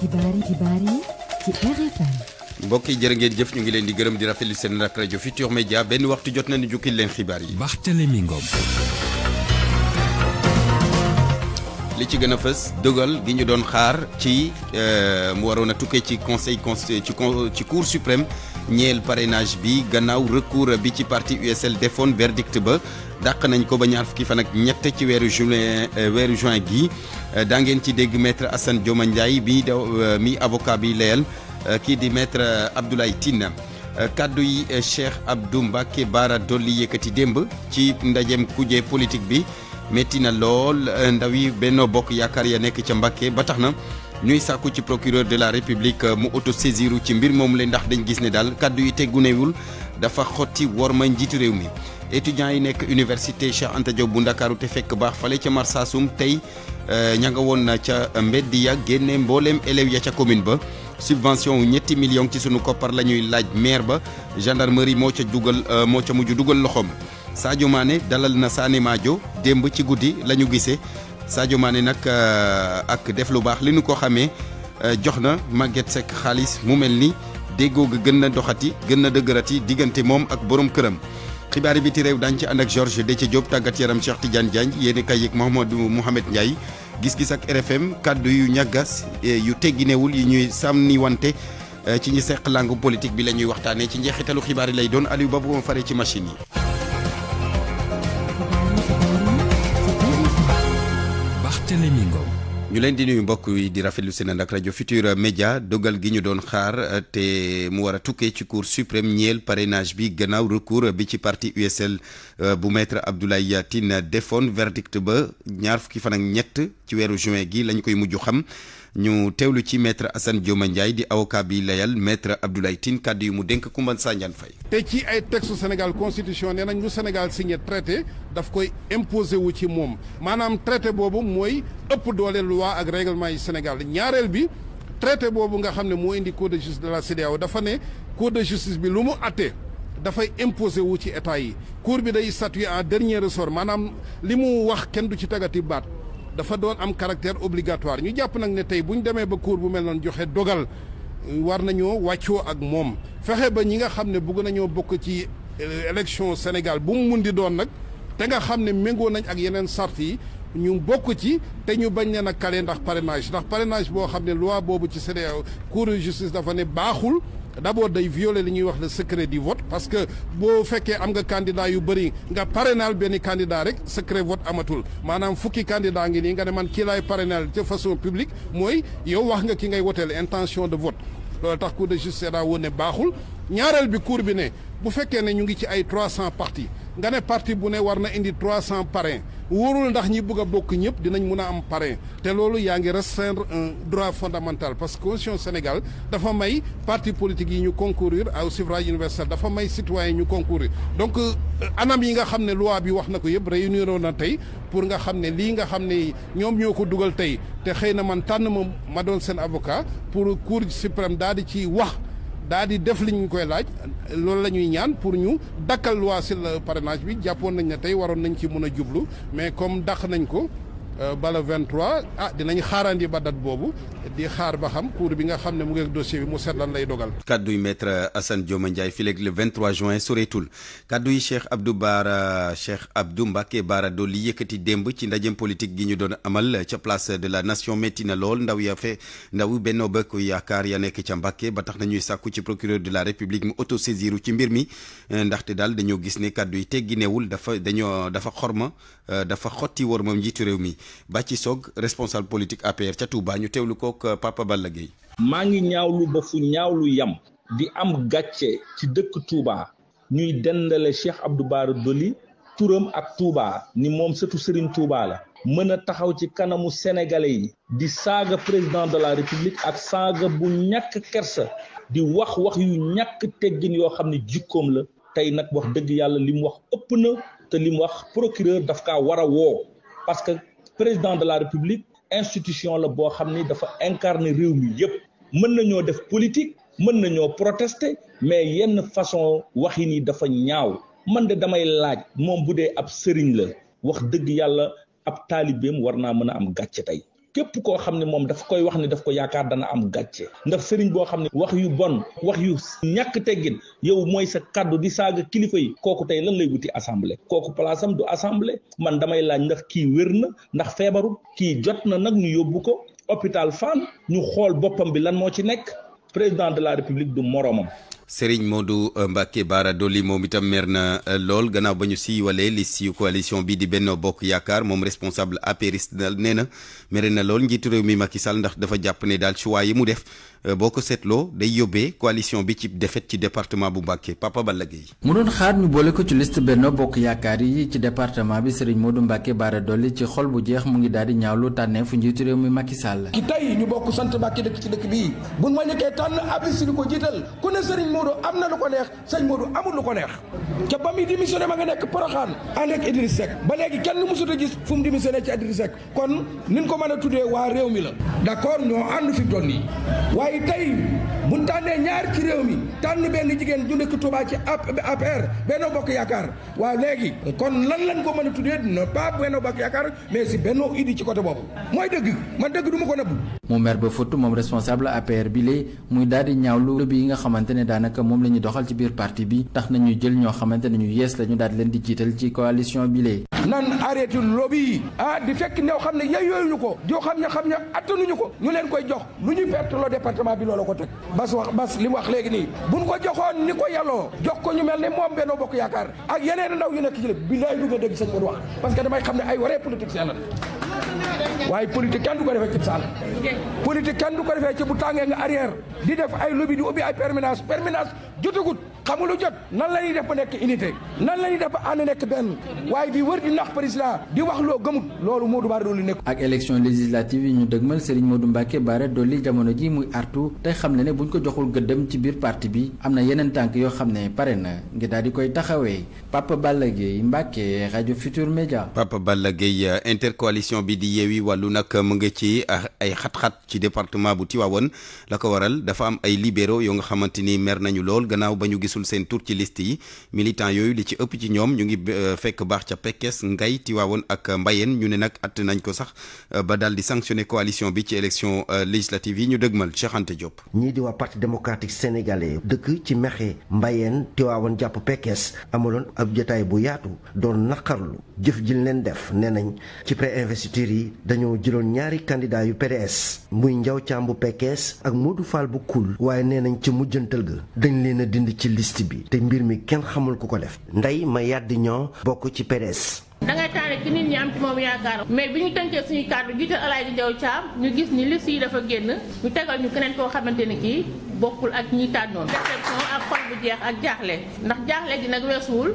xibaar yi xibaar ngeen jëf ñu ngi leen di gërëm di rafet rafetlu seen ak rajo Futur Media benn waxtu jot nañu jukkil leen xibaar yi. Barthélémy Ngom. li ci gën a fës dogal gi ñu doon xaar ci euh, mu waroon a tukkee ci conseil ci cour suprême. ñeel parrainage bi gannaaw recours bi ci parti USL defoon verdict ba dàq nañ ko ba ñaar fukki fan ak ñett ci weeru juin euh, weeru juin gi euh, daa ngeen ci dégg maître Assane Dioma Ndiaye bi euh, mi avocat bi layal kii di maître Abdoulaye Tine kaddu yi Cheikh Abdou Mbacké Bara Dolly yëkkati démb ci ndajeem kuje politique bi métti na lool ndaw yi Benno Bokk Yaakaar ya nekk ca Mbacké ba tax na ñuy sàkku ci procureur de la république euh, mu autosaisiru ci mbir moom la ndax dañ gis ne daal kàddu yi teggunewul dafa xotti worma njiitu réew mi yi nekk université Cheikh Anta Diop bu Ndakaaru te fekk bax falé ci marsasum tay euh, ñanga won ya génné mbolém élève ya commune ba subvention ñetti millions ci sunu koppar la laaj maire ba gendarmerie mo ca dugal euh, mo ca mujj dugal loxom Sadio Mané dalal na Sané Madio demb ci goudi la ñu Sadio Mané nag euh, ak def lu baax li nu ko xamee euh, jox na Maguette Seck xaalis mu mel ni déggoo ga gën na doxati gën na dëgërati diggante moom ak boroom këram. xibaari biti réew daañu ci ànd ak Georges Déthié Diop tàggat yaram Cheikh Tidiane Diagne yéen kay yeeg Mouhamadou Mouhamed Ndiaye. gis-gis ak RFM kàddu yu ñàggas euh, yu tegginewul yi ñuy sàmni wante ci ñi seq langue politique bi la ñuy ci njeexitalu xibaar lay doon Aliou Babou ma faree ci machine yi. Barthélémy ñu leen di nuyu mbokk yi di rafetlu seen ànd ak rajo Futur Média dogal gi ñu doon xaar te mu war a tukkee ci cour suprême ñeel parrainage bi gannaaw recours bi ci parti USL euh, bu maître Abdoulaye Tine defoon verdict ba ñaar fukki fan ak ñett ci weeru juin gi lañu koy mujj xam. ñu teewlu ci maître Assane Dioma Ndiaye di avocat bi layal maître Abdoulaye tiin kàddu yi mu dénk Koumba Sandiane fay te ci ay textu Sénégal constitution nee nañ lu Sénégal signé traité dafa koy imposé wu ci moom maanaam traité boobu mooy ëpp doole loi ak règlement yi Sénégal ñaareel bi traité boobu nga xam ne moo indi cour de justice de la CEDEAO dafa ne cour de justice bi lu mu àtte dafay imposé wu ci état yi cour bi day statuer en dernier ressort maanaam li mu wax kenn du ci tagati baat dafa doon am caractère obligatoire ñu jàpp nag ne tey bu ñu demee ba cour bu mel noonu joxe dogal war nañoo wàccoo ak moom fexe ba ñi nga xam ne bugg nañoo bokk ci euh, élection Sénégal bu mu mun di doon nag te nga xam ne méngoo nañ ak yeneen sart yi ñu bokk ci te ñu bañ nee na kale ndax parenage ndax parrainage boo xam ne loi boobu ci CEDEAO cour de justice dafa ne baaxul d'abord day violer li ñuy wax le secret du vote parce que bo féké am nga candidat yu bëri nga parrainal benn candidat rek secret vote amatul manam fukki candidat ngi ni nga ne man ki lay parrainal ci façon publique moy yow wax nga ki ngay wotel intention de vote loolu tax cour de justice da woné baxul ñaaral bi cour bi né bu féké né ñu ngi ci ay 300 partis nga parti bu war indi parrains ndax ñi bokk ñëpp dinañ un droit fondamental parce que au Sénégal dafa may parti politique yi ñu concourir au suffrage universel dafa may citoyen ñu concourir donc euh, anam yi nga xam loi bi pour nga xam ne nga xam ne ñoom man avocat pour cour suprême daal di ci daa di def li ñu koy laaj loolu la ñuy ñaan pour ñu dakkal loi sur le parrainage bi jàppoon nañ ne tey waroon nañ ci mën a jublu mais comme dàq nañ ko Euh, bala 23 ah dinañ xaarandi ba dat boobu di xaar ba xam cour bi nga xam ne mu ngi ak dossier bi mu seet lan lay dogal. kaddu yi maître Assane Dioma Ndiaye fileeg le 23 juin soreetul kaddu yi Cheikh Abdou Bara Cheikh Abdou Mbacké Bara Dolly yëkkati démb ci ndajem politique gi ñu doon amal ca place de la nation métti na lool ndaw ya fe ndaw Benno Bokk Yaakaar ya nekk ca Mbacké ba tax na ñuy sàkku ci procureur de la république mu autosaisiru ci mbir mi ndaxte daal dañoo gis ne kaddu yi tegginewul dafa dañoo dafa xorma. Euh, dafa xotti war moom njiitu réew mi Bathie Sogue responsable politique APR ca Touba ñu teewlu kook euh, Papa Balla Gueye maa ngi ñaaw lu ba fu lu yam di am gàcce ci dëkk Touba ñuy dendale Cheikh Abdou Bara Dolly turam ak Touba ni moom sëtu Serigne Touba la mën a taxaw ci kanamu sénégalais yi di saaga président de la république ak saaga bu ñàkk kersa di wax wax yu ñàkk teggin yoo xam ne jikkoom la tey nag wax dëgg yàlla limu wax ëpp na te lim wax procureur daf kaa war a woo parce que président de la république institution la boo xam ni dafa incarner réew mi mën nañoo def politique mën nañoo protester mais yenn façon waxin yi dafa ñaaw man de damay laaj moom bu dee ab sëriñ la wax dëgg yàlla ab taalibeem war naa mën a am gàcce tey képp koo xam ne moom dafa koy wax ne daf ko yaakaar dana am gàcce ndax sëriñ boo xam ne wax yu bon wax yu ñàkk teggin yow mooy sa kàddu di saaga kilifa yi kooku tey lan lay wuti assemblée kooku place am du assemblée man damay laaj ndax kii wér na ndax feebaru kii jot na nag ñu yóbbu ko hôpital Fann ñu xool boppam bi lan moo ci nekk président de la république du moroomam Serigne Modou euh, Mbake Bara Momita momita itam Gana na euh, lool gannaaw ba coalition bi di Benno Bokk Yakar mom responsable apériste néna na Lol na lool de mi Macky Sall ndax dafa japp né dal choix yi mu def euh, day coalition bi ci défaite ci département bu Papa Balagi. Gueye mu doon xaar ñu bolé ko ci liste Benno Bokk yakar yi ci département bi Serigne Modou Mbacke Bara Dolly ci xol bu jeex mu ngi dal di ñaawlu fu mi Macky Sall. ñu ci ma tan ko ku Serigne Modou am na lu ko neex sëñ Modou amul lu ko neex ca ba muy démissionné ma nga nekk Porokhane ànd ak Idriss ba léegi kenn mësut a gis fu mu démissionné ci Idriss kon nin ko mën a tuddee waa réew mi la d'accord ñoo ànd fi doon nii waaye tey buñ tànnee ñaar ci réew mi tànn benn jigéen ju nekk Touba ci APR Benno Bokk Yaakaar waaw léegi kon lan lañ ko mën a tuddee non pas Benno Bokk Yaakaar mais si Benno ci côté boobu mooy dëgg man dëgg du ko bi lay muy daal di ñaawlu bi yi daanaka moom la ñu doxal ci biir parti bi tax nañu jël ñoo xamante ne ñu yees la ñu daal leen di jiital ci coalition bi lee nan arrêté lobby ah di fekk ñoo xam ne yeyooyu ñu ko joo xam ne xam ne attanuñu ko ñu leen koy jox lu ñu perte loo département bi loola ko teg bas wax bas li mu wax léegi nii buñ ko joxoon ni ko yelloo jox ko ñu mel ne moom Benno Bokk Yaakaar ak yeneen ndaw yu nekk ci la bilaay du nga dégg sëñ wax parce que damay xam ne ay waree politique waaye politique kenn du ko defee ci saal politique kenn du defee ci bu tàngee nga arrière di def ay lobby di ubbi ay permanence permanence jotagut xamu lu jot nan la ñuy def ba nekk unité nan la ñuy def ba ànd nekk benn waaye di wër di nax président di wax loo gëmut loolu moo Modou Bara Dolly nekk ak élection législative yi ñu dëgmal Serigne Modou Mbacké Bara Dolly jamono ji muy artu tey xam ne ne buñ ko joxul gëddëm ci biir parti bi am na yeneen tànk yoo xam ne pare na ngir daal di koy taxawee Papa Balla Gueye Mbacké rajo Futur Média Papa Balla Gueye intercoalition bi di yeewi wàllu nag mu ngi ci ah, ay xat-xat ci département bu Tivaouane la ko waral dafa am ay libéraux yoo nga xamante ni mer nañu lool gannaaw ba ñu gisul seen tour ci liste yi militant yooyu li ci ëpp ci ñoom ñu ngi euh, fekk baax ca Pekes Ngay Tiwaawoon ak Mbayeen ñu ne nag att nañ ko sax euh, ba daal di sanctionné coalition bi ci élection euh, législative yi ñu dëgmal Cheikh Anta Diop. ñii di waa parti démocratique sénégalais dëkk ci Mexe Mbayeen Tiwaawoon jàpp Pekes amaloon ab jotaay bu yaatu doon naqarlu jëf jil leen def nee nañ ci pré-investiture yi dañoo jëloon ñaari candidat yu PDS muy Njaw Caam bu ak Modou Fall bu Kul waaye nee nañ ci mujjantal ga dañ leen na dindi ci liste bi te mbir mi kenn xamul ku ko def ndey ma yàdd ñoo bokk ci PDS. da taale ci nit ñi ci moom yaakaar mais bi ñu tënkee suñu kàddu jiital Alaaji Njaw Caam ñu gis ni liste yi dafa génn ñu tegal ñu keneen koo xamante ni kii bokkul ak ñi tànnoon déception ak xol bu jeex ak jaaxle ndax jaaxle gi weesuwul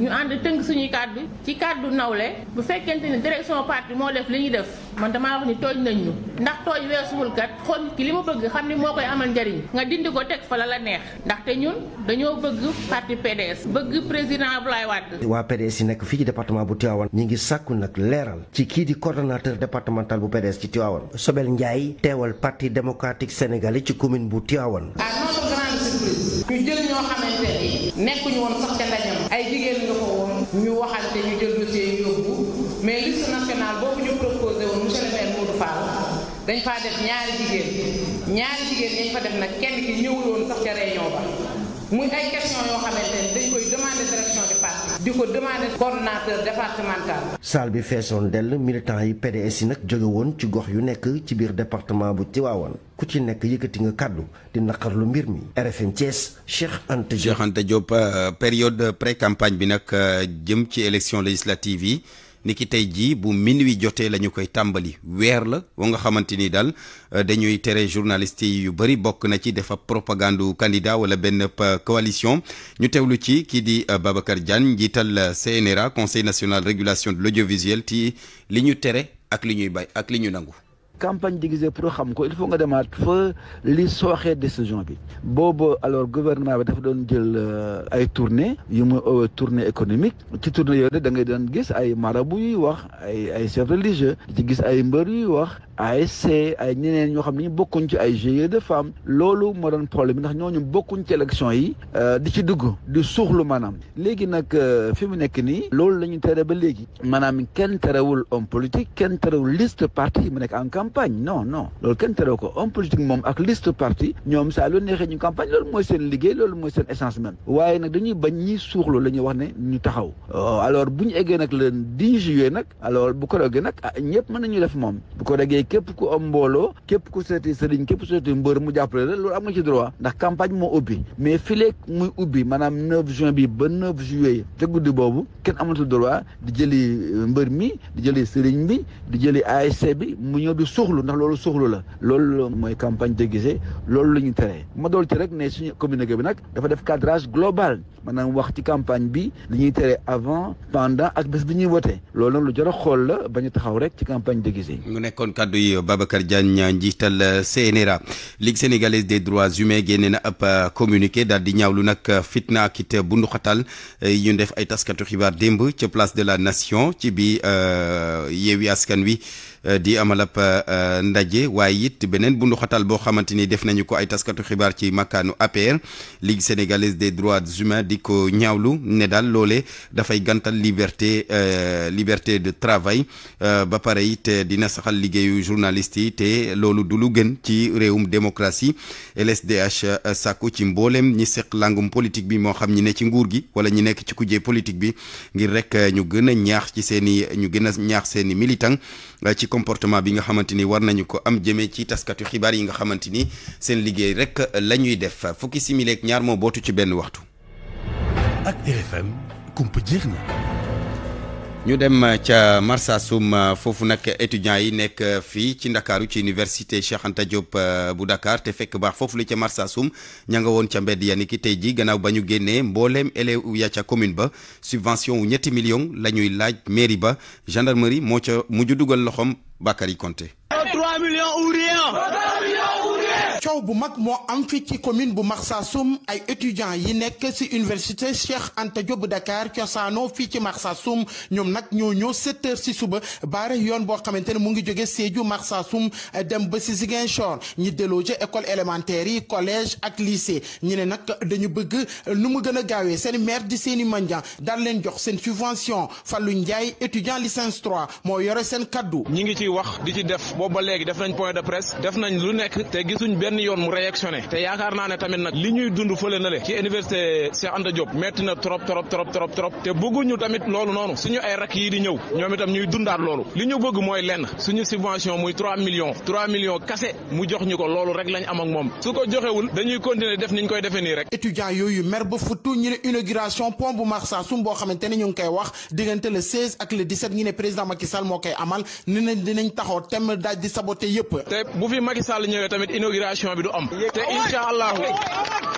ñu ànd tënk suñuy kàddu ci kàddu nawle bu fekkente ni direction parti moo def li ñuy def man damaa wax ni tooñ nañ ndax tooñ weesuwul kat ki li mu bëgg xam ni moo koy amal njëriñ nga dindi ko teg fa la la neex ndaxte ñun dañoo bëgg parti PDS bëgg président Abdoulaye Wade. waa PDS yi nekk fii ci département bu Tivaouane ñu ngi sàkku nag leeral ci kii di coordonnateur départemental bu PDS ci Tivaouane Sobel Ndiaye teewal parti démocratique sénégalais ci commune bu Tivaouane. dañ faa def ñaari jigéen ñaari jigéen yañ fa def nag kenn ki ñëwuloon sax ca réunion ba muy ay question yoo xamante ne dañ koy demander direction du parti di ko demander coordonnateur départemental. salle bi feesoon dell militant yi PDS yi nag jóge woon ci gox yu nekk ci biir département bu Tivaouane ku ci nekk yëkkati nga kàddu di naqar lu mbir mi. RFM Thiès Cheikh Anta Diop. Cheikh Anta euh, période pré campagne bi nag euh, jëm ci élection législative yi. ni ki tey jii bu minuit jotee la ñu koy tàmbali weer la wa nga xamante ni daal euh, dañuy tere journaliste yi yu bëri bokk na ci dafa propagande candidat wala benn euh, coalition ñu teewlu ci kii di euh, Babacar Diagne njiital CNRA conseil national régulation de l'audiovisuel ci li ñu tere ak li ñuy bay ak li ñu nangu campagne déguisée pour xam ko il faut nga demaat fa li soxé décision bi boobu alors gouvernement bi dafa doon jël euh, ay tournée yu muy euh, tournée économique ci tournée yooyu da ngay doon gis ay marabu yuy wax ay ay chef religieux ci gis ay mbër yuy wax ASC ay ñeneen ñoo xam ne bokkuñ ci ay GIE de femmes loolu moo doon problème bi ndax ñooñu bokkuñ ci élection yi euh, di ci dugg di suuxlu maanaam léegi nag fi mu nekk nii loolu la ñu tere ba léegi maanaam kenn terewul homme politique kenn terewul liste parti mu nekk en campagne non non loolu kenn teroo ko homme politique moom ak liste parti ñoom saa lu neexee ñu campagne loolu mooy seen liggéey loolu mooy seen essence même waaye nag dañuy bañ ñi suuxlu la wax ne ñu taxaw oh, alors bu ñu eggee nag le 10 juillet nag alors bu ko roggee nag ah mën nañu def moom bu ko roggee képp ku am mbooloo képp ku seeti sëriñ képp ku seeti mbër mu jàppale la loolu am ci droit ndax campagne moo ubbi mais fileeg muy ubbi maanaam 9 juin ba euh, mi di jëli sëriñ soxlu ndax loolu soxlu la loolu mooy campagne déguisée loolu la ñu tere ma dool ci rek ne suñu communiqué bi nag dafa def cadrage global maanaam wax ci campagne bi li ñuy tere avant pendant ak bés bi ñuy wote loolu nag lu jar a xool la bañu taxaw rek ci campagne déguisée mu nekkoon kaddu yi Babacar Diagne njiital CNRA Ligue sénégalaise des droits humains génne na ab communiqué daal di ñaawlu nag fitna kit it bundu xatal eh, ñu def ay taskatu xibaar démb ci place de la nation ci bi eh, yewi askan wi Euh, di amal ab euh, euh, ndaje waaye it beneen bundu xatal boo xamante ni def nañu ko ay taskatu xibaar ci makkaanu APR Ligue sénégalaise des droits humains di ko ñaawlu ne daal loole dafay gantal liberté liberté de travail ba pare it dina saxal liggéeyu journaliste yi te loolu du lu gën ci réewum démocratie LSDH sàkku ci mboolem ñi seq langum politique bi moo xam ñi ne ci nguur gi wala ñi nekk ci kujje politique bi ngir rek ñu gën a ñaax ci seen i ñu gën a ñaax seen i militant comportement bi nga xamante ni war nañu ko am jëmee ci taskatu xibaar yi nga xamante ni seen liggéey rek la ñuy def fukki simileek ñaar moo bootu ci benn waxtu. ak RFM kumpa jeex na. ñu dem euh, ca Marsassoum euh, foofu nag étudiants yi nekk euh, fii ci ndakaaru ci université Cheikh Anta Diop bu Dakar te fekk baax foofu la ca Marsassoum ña nga woon ca mbedd ya ni ki tey ji gannaaw ba ñu génnee mbooleem élèves ya ca commune ba subvention wu ñetti million la ñuy laaj mairie ba gendarmerie moo ca mujj dugal loxoom Bakary Konté coow bu mag mo am fi ci commune bu Marsasoum ay étudiants yi nek ci université Cheikh Anta Diop bu Dakar cosaanoo fi ci Marsasoum ñom nak ñoo ñëw sept heures ci suba bare yoon bo xamantene mu ngi jóge Sédhiou Marsasoum dem ba ci Ziguinchor ñi délogé école élémentaire collège ak lycée ñu ne nag dañu bëgg nu mu gëna gaawé seen maire di seen mandian dal leen jox seen subvention Fallou Ndiaye étudiant licence 3 mo yoré seen cadeau ñi ngi ci wax di ci def bo ba légui def nañ point de presse def nañ lu nek té gisuñ benn yoon mu réactionné te yaakaar naa ne tamit nag li ñuy dund fële na ci université Cheikh Anta Diop metti na trop trop trop trop trop te bëgguñu tamit loolu noonu suñu ay rak yi di ñëw ñoom itam ñuy dundaat loolu li ñu bëgg mooy lenn suñu subvention muy 3 millions 3 millions kase mu jox ñu ko loolu rek lañ am ak moom su ko joxewul dañuy continuer def niñ koy defee nii rek. étudiant yooyu mer ba futtu ñi ne inauguration pont bu Marsassoum boo xamante ne ñu ngi koy wax diggante le 16 ak le 17 ñi ne président Macky Sall moo koy amal ni nañ dinañ taxaw tem daal di saboter yëpp. te bu fi Macky Sall ñëwee tamit inauguration évaluation bi du am te inshallah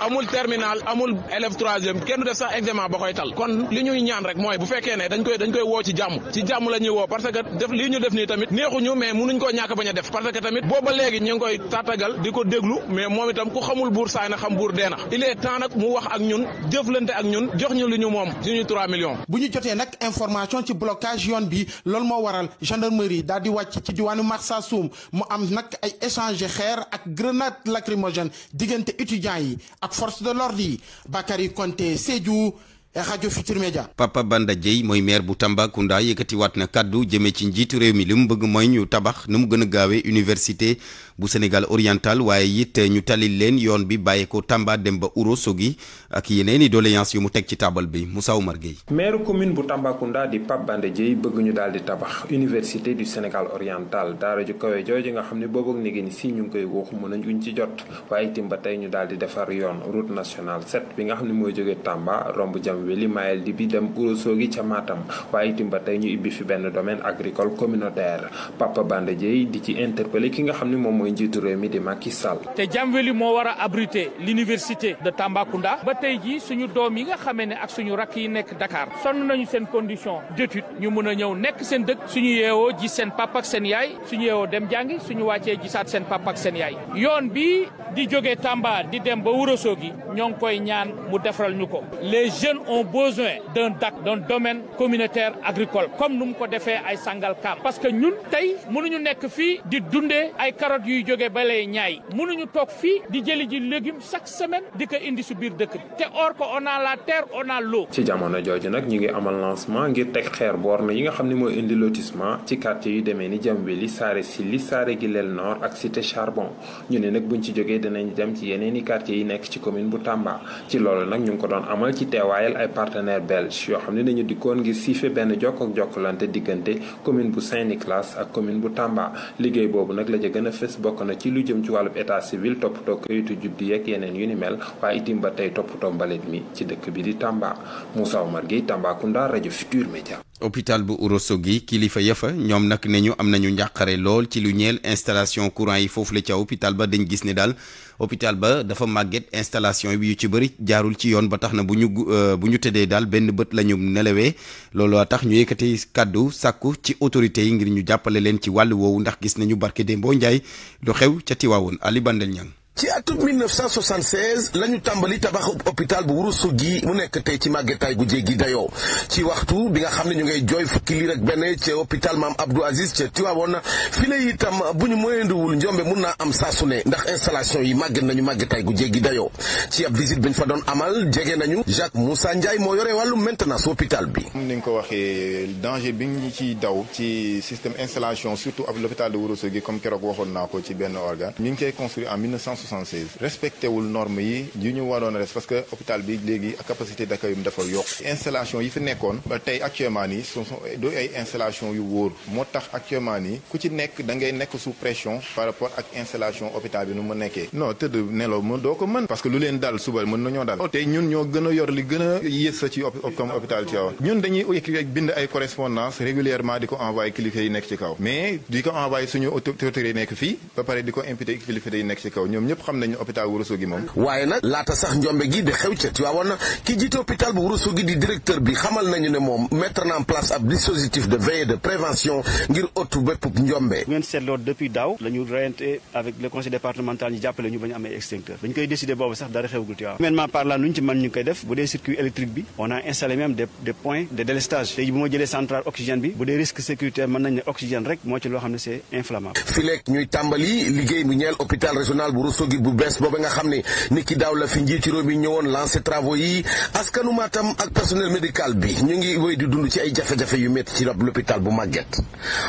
amul terminal amul élève troisième kenn du def sax examen bakoy tal kon li ñuy ñaan rek mooy bu fekkee ne dañ koy dañ koy woo ci jàmm ci jàmm la ñuy woo parce que def lii ñu def nii tamit neexuñu mais mënuñ ko ñàkk bañ a def parce que tamit booba léegi ñu ngi koy tàttagal di ko déglu mais moom itam ku xamul buur saay na xam buur dee il est temps nag mu wax ak ñun jëflante ak ñun jox ñu li ñu moom suñu 3 millions bu ñu jotee nag information ci blocage yoon bi loolu moo waral gendarmerie daal di wàcc ci diwaanu soum. mu am nag ay échange xeer ak grenade attaque lacrymogène diggante étudiants yi ak force de l'ordre yi Bakary Konté Sédhiou rajo Futur Média Papa Banda Dièye mooy maire bu Tambacounda yëkkatiwaat na kàddu jëmee ci njiitu réew mi li mu bëgg mooy ñu tabax nu mu gën a gaawee université bu senegal oriental waye yit eh, ñu talil leen yoon bi baye ko Tamba dem ba sogi ak yeneeni doléance yu mu tek ci table bi Moussa Oumar Gueye. maire commune bu Tambacounda di Pape Bande Dièye bëgg ñu daal di tabax université du senegal oriental daara ju kawé jooju nga xamni bobok ni gën léegi si ñu koy wax mën nañu ci jot waye itam ba tey ñu daal di defar yoon route nationale 7 bi nga xamni moy joggé tamba rombu jam Jamweli Mayel di bi dem sogi ci Matam waye itam ba tey ñu ibbi fi ben domaine agricole communautaire Papa Bande Dièye di ci interpeller ki nga xamni mom moy njiitu réew mi di Macky Sall. te Jamweli moo war a abriter l'université de Tambacounda. ba tey jii suñu doom yi nga xamee ne ak suñu rakk yi nekk Dakar. sonn nañu seen condition d'étude ñu mun a ñëw nekk seen dëkk. suñu yeewoo ji seen papa ak seen yaay suñu yeewoo dem jàngi suñu wàccee gisaat seen papa ak seen yaay. yoon bi di jógee Tamba di dem ba Ourossogui ñoo ngi koy ñaan mu defaral ñu ko. les jeunes ont besoin d'un DAC d'un domaine communautaire agricole comme nu mu ko defee ay sangal Sangalkam parce que ñun tey mënuñu nekk fii di dundee ay carottes yuy jóge balee ñaay mënuñu toog fii di jëli ji légume chaque semaine di ko indi su biir dëkk or ko on a la terre on a ci jamono jooju nag ñu ngi amal lancement ngir teg xeer boor na yi nga xam ne mooy indi lotissement ci quartier yu demee ni Jamweli Saare Sili Saare Gilel Nord ak Cité Charbon ñu ne nag buñ ci jógee dinañ dem ci yeneen i quartier yi nekk ci commune bu Tamba ci loolu nag ñu ngi ko doon amal ci teewaayal ay partenaires belges yoo xam ne dañu dikkoon ngir siife benn jokk ak jokkalante diggante commune bu Saint-Nicolas ak commune bu Tamba liggéey boobu nag la ca gën a bokk na ci lu jëm ci wàllub état civil toppatoo kayitu juddu yeeg yeneen yu ni mel waaye itim ba tey toppatoo mbalit mi ci dëkk bi di Tamba Moussa Omar Gueye Tambacounda rajo Futur Média. hopital bu gi kilifa yëfa ñoom nag ne ñu am nañu njàqare lool ci lu ñeel installation courant yi foofu la ca hôpital ba dañ gis ne daal. hôpital ba dafa màgget installation bi yu ci bëri jaarul ci yoon ba tax na bu ñu euh, bu ñu tëddee daal benn bët la ñu nelawee looloo tax ñu yëkkati kàddu sàkku ci autorités yi ngir ñu jàppale leen ci wàll woowu ndax gis nañu barke Dembo Ndiaye lu xew ca Tiwaawoon Ali Bandel Niang ci atum 1976 lañu tambali tàmbali tabax hôpital bu gi mu nekk tey ci màggetaay gu jéggi dayo ci waxtu bi nga xam ne ñu ngay joy fukki liir ak benn ca hôpital maam Abdou Aziz ca Tivaouane fi la itam bu ñu moyendiwul njombe mun naa am saa su ne ndax installation yi màgg nañu màggetaay gu jéggi dayo ci ab visite biñ fa doon amal jege nañu Jacques Moussa Ndiaye moo yore wàllu maintenance hôpital bi. ni nga ko waxee danger bi ñu ciy daw ci système installation surtout ab l'hôpital de gi comme keroog waxoon naa ko ci benn organe ñu ngi koy construit en 19 1976 respecté wul norme yi yi ñu waroon res parce que hôpital bi léegi capacité d'accueil yu mu dafa yokk installation yi fi nekkoon ba tey actuellement nii su du ay installation yu wóor moo tax actuellement nii ku ci nekk da ngay nekk sous pression par rapport ak installation hôpital bi nu mu nekkee non tëdd nelaw ma doo ko mën parce que lu leen dal suba mën nañoo dal tey ñun ñoo gën a yor li gën a yées sa ci comme hôpital Tivaouane ñun dañuy bind ay correspondance régulièrement di ko envoyé kilifa yi nekk ci kaw mais di ko envoyé suñu autorité nekk fii ba pare di ko imputé kilifa yi nekk ci kaw ñoom ñëpp xam nañ hôpital bu gi moom waaye nag laata sax njombe gi di xew ca Tivaouane ki jiite hôpital bu gi di directeur bi xamal nañu ne moom mettre en place ab dispositif de veille de prévention ngir ëttu bépp njombe ngeen seetloo depuis daaw la ñu reyante avec le conseil départemental ñu jàppale ñu bañ ñu amee extincteur dañ koy décider boobu sax dara xewagul Tivaouane humainement parlant lu ñu ci man ñu koy def bu dee circuit électrique bi on a installé même des des points de délestage léegi bu ma jëlee centrale oxygène bi bu dee risque sécuritaire mën nañ ne oxygène rek moo ci loo xam ne c'est inflammable fi leeg ñuy tàmbali liggéey bu ñeel hôpital régional bu gil bu bes booba nga xam ne ni ki daaw la fi njiitu réew mi ñëwoon lancé travaux yi askanu Matam ak personnel médical bi ñu ngi way di dund ci ay jafé jafé yu metti ci rab l'hôpital bu màgget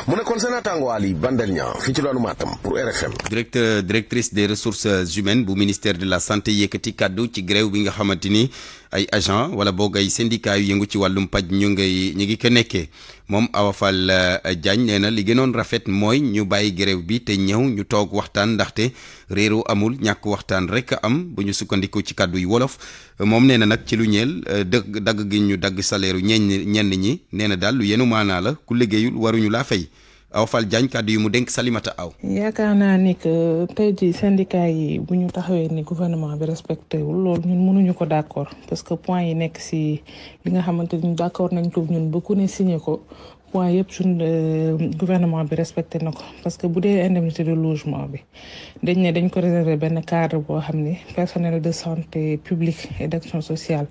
mu nekkoon seen àttanguwaal yi bandel ñaa fi ci loolu Matam pour RFM directeur directrice des ressources humaines bu ministère de la santé yëkkati kaddu ci grève bi nga xamantini ay agent wala boog ay syndicat yu yëngu ci wàllum paj ñu ngay ñu ngi ko nekkee moom awafal Fall eh, Diagne nee na li gënoon rafet mooy ñu bàyyi grève bi te ñëw ñu toog waxtaan ndaxte réeroo amul ñàkk waxtaan rek am bu ñu sukkandiku ci kàddu yu wolof moom nee na nag ci lu ñeel eh, dëgg dagg gi ñu dagg salaire ñeñ ñenn ñi nee na daal lu yenu maanaa la ku liggéeyul waruñu laa fay aw Fall Diagne kàddu yi mu dénk Salimata Aw yaakaar naa ni que euh, tey jii syndicat yi bu ñu taxawee ni gouvernement bi respecté wul loolu ñun mënuñu ko d' accord parce que point yi nekk si li nga xamante ni d' accord nañ ko ñun ba ku ne signé ko point yëpp suñ euh, gouvernement bi respecté na ko parce que bu dee indemnité de logement bi dañ ne dañ ko réserver benn cadre boo xam ni personnel de santé publique et d' sociale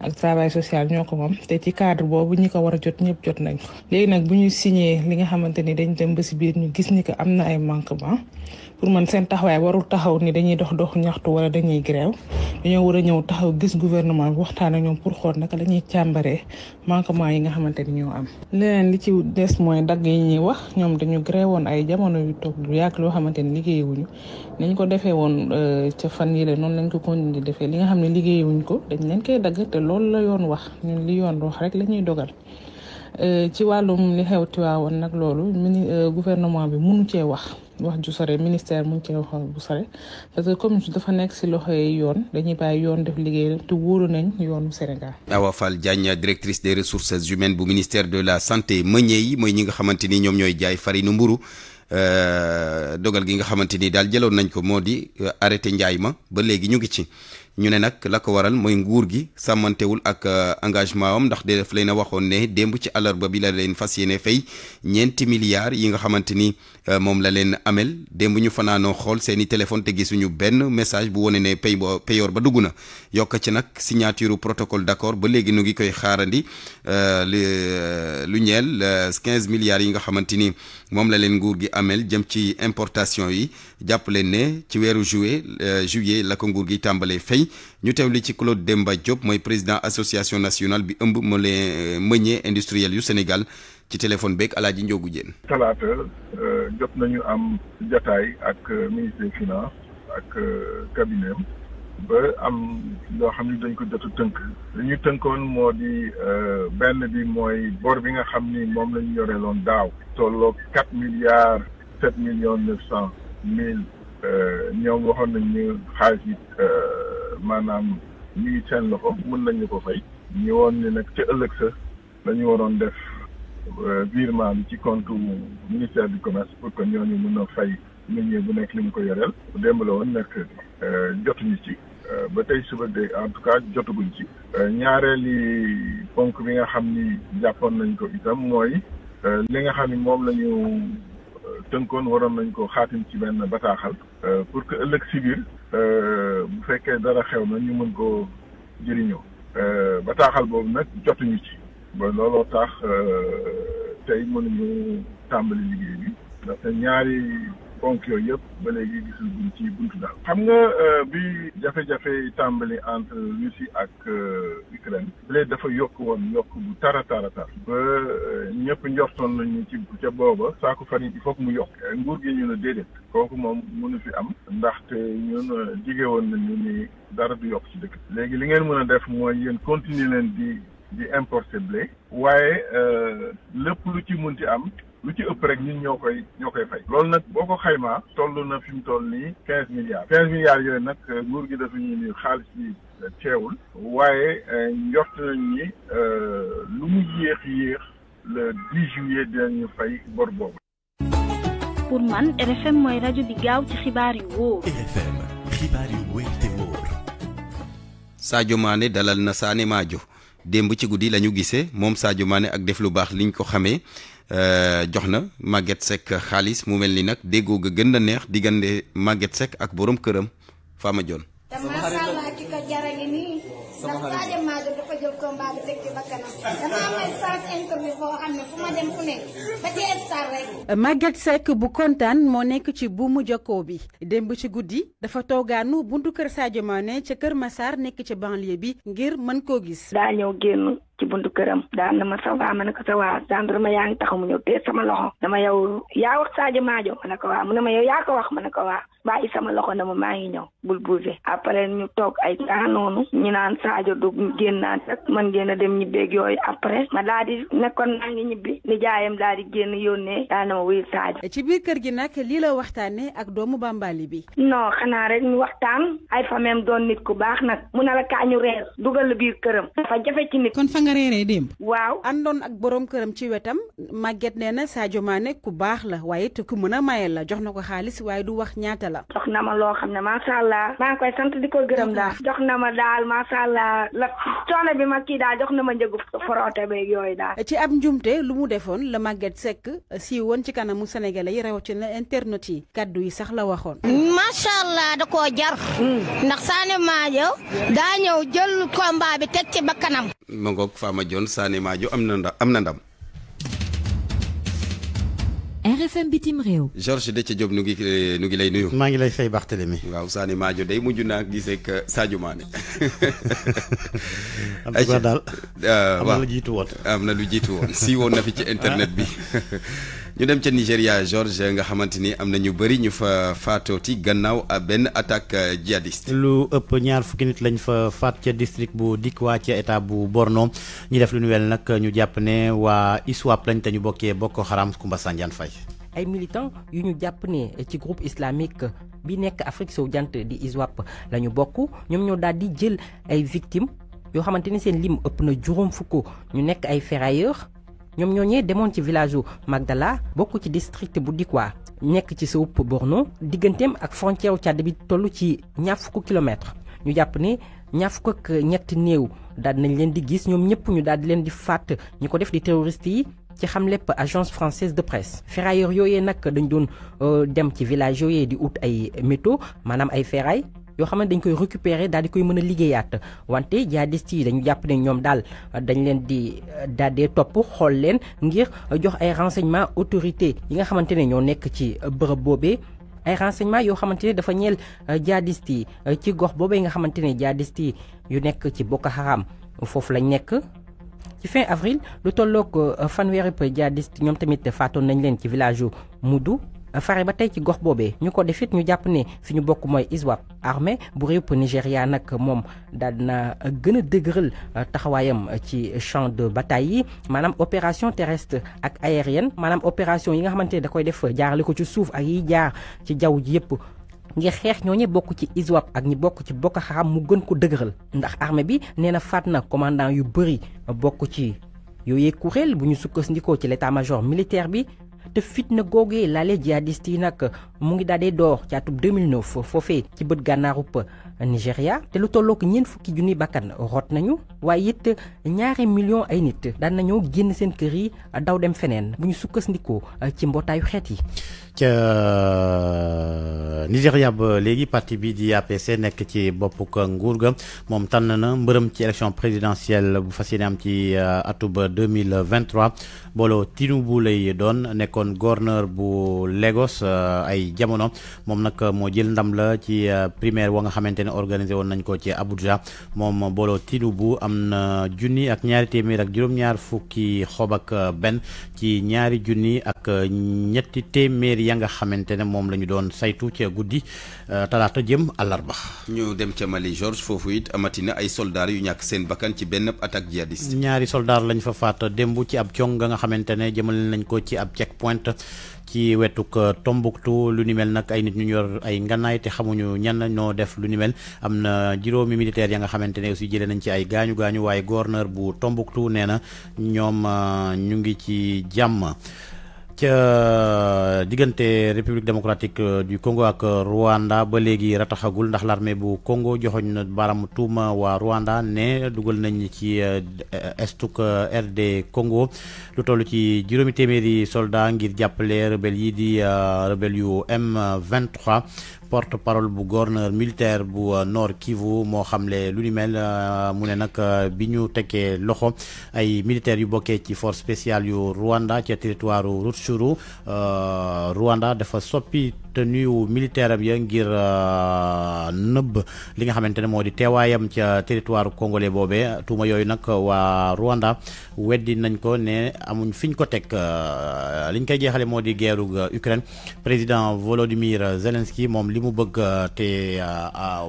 ak travail sociale ñoo ko moom te ci cadre boobu ñi ko war a jot ñëpp jot nañ ko léegi nag bu ñu signé li nga xamante ni dañ dem ba si biir ñu gis ni que am na ay manquement pour man seen taxawaay warul taxaw ni dañuy dox dox ñaxtu wala dañuy grève dañoo war a ñëw taxaw gis gouvernement bi waxtaan ak ñoom pour xool la ñuy càmbaree manquement yi nga xamante ni ñoo am. leneen li ci des mooy dagg yi ñuy wax ñoom dañu grève woon ay jamono yu toog lu yàgg loo xamante ni liggéeyewuñu nañ ko defee woon euh, ca fan yii la noonu lañ ko continué defee li nga xam ne liggéeyewuñ ko dañ leen koy dagg te loolu la yoon wax ñun li yoon wax rek la ñuy dogal. Euh, ci wàllum li xew Tiwaawoon nag loolu mini euh, bi mënu cee wax wax ju sore ministère mu ngi cee wax bu sore parce que comme dafa nekk si loxo yi yoon dañuy bàyyi yoon def liggéey tu wóolu nañ yoonu Sénégal. Awa Fall Diagne directrice des ressources humaines bu ministère de la santé meññee yi mooy ñi nga xamante ni ñoom ñooy jaay farine mburu euh, dogal gi nga xamante ni daal jëloon nañ ko moo di euh, arrêté njaay ma ba léegi ñu ngi ci. ñu ne nag la ko waral moy nguur gi sàmmantewul ak euh, engagement am ndax def leen a waxoon ne démb ci àllarba bi la leen fas fay ñeenti milliards yi nga xamanteni euh, mom la leen amel démb ñu fanano xol seeni téléphone te gisuñu benn message bu woné né pay payoor ba duguna yok ci nak signature protocole d'accord ba légui nu ngi koy xaarandi euh, lu ñeel 15 milliards yi nga xamanteni mom la leen nguur gi amel jëm ci importation yi japp leen né ci wéru juillet juillet la ko nguur gi tàmbalee fay liggéey ñu teew li ci Claude Demba Diop mooy président association nationale bi ëmb mële euh, meññee industriel yu Sénégal ci téléphone beeg Alaaji Njoogu Jéen talaata euh, jot nañu am jotaay ak euh, ministre des finances ak cabinet ba am loo xam ni dañ ko jotu tënk li ñu tënkoon moo di benn bi mooy bor bi nga xam ni moom lañu yore loon daaw tolloo quatre milliards sept millions neuf cent mille Euh, ñoom waxoon nañ ñu xaalis yi euh, maanaam ñu ngi seen loxo mën nañu ko fay. ñu woon ni nag ca ëllëg sa dañu waroon def euh, biir maam ci compte ministère du commerce pour que ñooñu mën a fay meññee bu nekk li mu ko yoreel. démb la woon nag jotuñu ci. ba tey suba de en tout cas jotaguñ ci. ñaareeli ponk bi nga xam ni jàppoon nañ ko itam mooy li nga xam ni moom la tënkoon waroon nañ ko xaatim ci benn bataaxal. Euh, pour que ëllëg si biir euh, bu fekkee dara xew na ñu mën ko jëriñoo euh, bataaxal boobu nag jotuñu ci ba looloo tax tey mënuñu tàmbali liggéey bi ndaxte ñaari ponk yooyu yëpp ba léegi gisul guñ ci buntu daal xam nga euh, bi jafe-jafe yi tàmbali entre Russie ak euh, Ukraine bilee dafa yokk woon yokk bu tara tara tar ba euh, ñëpp njortoon nañu ci ca booba saako fan il faut mu yokk nguur gi ñu ne déedéet kooku moom mënu fi am ndaxte ñun jige woon nañu ni dara du yokk ci dëkk léegi li ngeen mën a def mooy yéen continuer leen di di importer blé. waaye euh, lépp lu ci munti am. lu ci ëpp rek ñun ñoo koy ñoo koy fay. loolu nag boo ko xaymaa. toll na fi mu toll nii quinze milliards. quinze milliards yooyu nag euh, nguur gi dafa ñuy nii xaalis bi euh, teewul. waaye njort nañ ni lu mu yéex yéex le dix juillet dinañu fay bor boobu. pour man RFM mooy rajo bi gaaw ci xibaar yu wóor. RFM xibaar dalal na Sané Madio. démb ci guddi la ñu gisee moom Sadio Mané ak def lu baax liñ ko xamee euh, jox na Maguette Seck xaalis mu mel ni nag déggoo ga gën a neex diggante Maguette sekk ak boroom këram Fama ma sama ma dem fu nekk bu kontaan moo nekk ci buumu jokkoo bi démb ci guddi dafa toogaanu buntu kër saajo Sadio ne ca kër ma saar nekk ci banlieue bi ngir mën koo gis. daa ñëw génn. ci buntu këram daan na ma sa waa ma ne ko sa waa ma yaa ngi taxaw mu ñëw te sama loxo dama yow yaa wax Sadio Maajo ma ne ko waa mu ne ma yow yaa ko wax ma ne ko waa bàyyi sama loxo na ma maa ngi ñëw bul bougé après ñu toog ay temps noonu ñu naan Sadio du génnaat rek man génn dem ñibbeeg yooyu man maa ngi ñibbi nijaayam daal di génn yónnee daa na ma wuyul Sadio e ci biir kër gi nag lii la waxtaanee ak doomu bàmbaali bi non xanaa rek ñu waxtaan ay fa même doon nit ku baax nag mu ne la kaa ñu reer dugal la biir këram dafa jafe ci nit kon fa nga reeree démb waaw àndoon ak boroom këram ci wetam màgget nee na maa Mané ku baax la waaye te ku mën a maye la jox na ko xaalis waaye du wax ñaata la jox na ma loo xam ne macha allah maa ngi koy sant di ko gërëm jox na ma daal macha la coono bi ma kii daal na ma njëgu njumte lu mu defoon la màgget sekk euh, si woon ci kanamu sénégalais yi rawatina internet yi kàddu yi sax la waxoon. macha allah da koo jar. Mm. ndax Sané Madio daa ñëw jël combat bi teg ci bakkanam. ma ngoog Fama Dione Sané Madio am na ndam am na ndam. RFM bitim réew. Georges Dethié Diop nu ngi nu ngi lay nuyu. maa ngi lay fay Barthélémy. waaw Sané maajo day mujj naa gisee ak Sadio daal. Euh, am na lu jiitu woon. am na lu jiitu woon si woon na fi ci internet bi. Ah. ñu dem ca Nigéria George nga xamante am na ñu bëri ñu fa faatooti gannaaw benn attaque djihadiste. lu ëpp ñaar fukki nit lañ fa faat ca district bu Dikwa ca état bu Borno ñu def lu ñu wel nag ñu jàpp ne waa ISWAP lañ te ñu bokkee Boko Haram Kumba Sandiane Faye. ay militants yu ñu jàpp ne ci groupe islamique bi nekk Afrique sowu jant di ISWAP la bokk ñoom ñoo daal di jël ay victimes yoo xamante ni seen lim ëpp na juróom fukk ñu nekk ay ferrailleurs. ñoom ñooñee démon ci village Magdala bokku ci district bu ñek nekk ci suuf Borno digganteem ak frontière Tchad bi tollu ci ñaar fukki kilomètre ñu japp ni ñaar fukk ak ñett néew daal nañ leen di gis ñom ñepp ñu daal di leen di fàtt ñiko def di terroriste yi ci xam lépp agence française de presse ferrailleurs yoyé nak dañ doon euh, dem ci village yooyee di out ay métaux manam ay ferraille yo xamante dañ koy récupérer dal di koy mëna ligéyat wante jihadiste yi dañu japp né ñom dal dañ leen di euh, di leen ngir jox ay renseignements autorité yi nga xamante ño ñoo nekk ci bërëb bobé ay renseignements yo xamante dafa ñël euh, jihadiste yi euh, ci gox bobé nga xamante ne yi yu nekk ci Boko Haram fofu lañ ci fin avril lu tolloog fanweeri jihadiste ñom tamit faatoon nañ leen ci village fare ba tey ci gox bobé ñuko defit ñu japp né fi bokk moy ISWAP armée bu réew nigeria nak mom daal na gën a euh, taxawayam ci champ de bataille yi maanaam opération terrestre ak aérienne manam opération yi nga xamante da koy def jaar liko ci souf ak yi jaar ci jaw ji yëpp ngir xeex ñooñu bokk ci ISWAP ak ñi bokk ci Boko Haram mu gën ko dëgëral ndax armée bi néna fatna commandant yu bëri bokk ci yooyee kuréel bu ñu sukkas ndiko ci l'état-major militaire bi te fitna goge la jihadiste yi nag mu ngi daal ci atub 2009 fofé ci beut gànnaarub Nigeria te lu tolok ñeent fukki junni bakkan rot nañu waye it ñaari million ay nit daan nañu génn seen kër daw dem fenen buñu euh, Nigeria, Nigéria ba parti bi di APC nek ci nguur ga mom élection présidentielle bu am ci 2023 euh, bolo Tinubu Lagos euh, ay jamono mom nak mo jël ndam la ci primaire organisé Abuja Mom Bolo Tinubu am Juni ak ñaari témir ak juroom ñaar fukki xobak ya nga xamante ne moom la ñu doon saytu ca guddi euh, talaata jëm àllarba. ñu dem ca Mali George foofu it amati na ay soldaar yu ñàkk seen bakkan ci benn attaque jihadiste. ñaari soldaar lañ fa faat démb ci ab cong nga nga xamante ne jëmale nañ ko ci ab checkpoint ci wetuk Tombouctou lu ni mel nag ay nit ñu yor ay nganaay te xamuñu ñan noo def lu ni am na juróomi militaire ya nga xamante ne aussi jëlee nañ ci ay gaañu gaañu waaye gouverneur bu Tombouctou nee na ñoom euh, ñu ngi ci jàmm. ca euh, république démocratique euh, du Congo ak euh, Rwanda ba légui rataxagul ndax l'armée bu Congo joxoñ na baram tuuma Rwanda né dugal nañ ci estuk RD Congo lu tollu ci juróomi téméri soldat ngir jàppale rebelle yi di rebelle yu M23 porte parole bu gouverneur militaire bu euh, Nord Kivu moo xamle lu ni mel euh, mu ne nag euh, bi ñu tekkee loxo ay militaires yu bokkee ci force spéciale yu Rwanda ca territoire Rutshuru Rwanda dafa soppi. tenue militaire am ya ngir euh, nëbb li nga xamantene modi tewayam ci territoire congolais bobé, tuuma yoy nak wa Rwanda weddi nañ ko ne amuñ fiñ ko tek euh, liñ koy jéxalé modi Ukraine président Volodymyr Zelensky Mom limu bëgg euh, te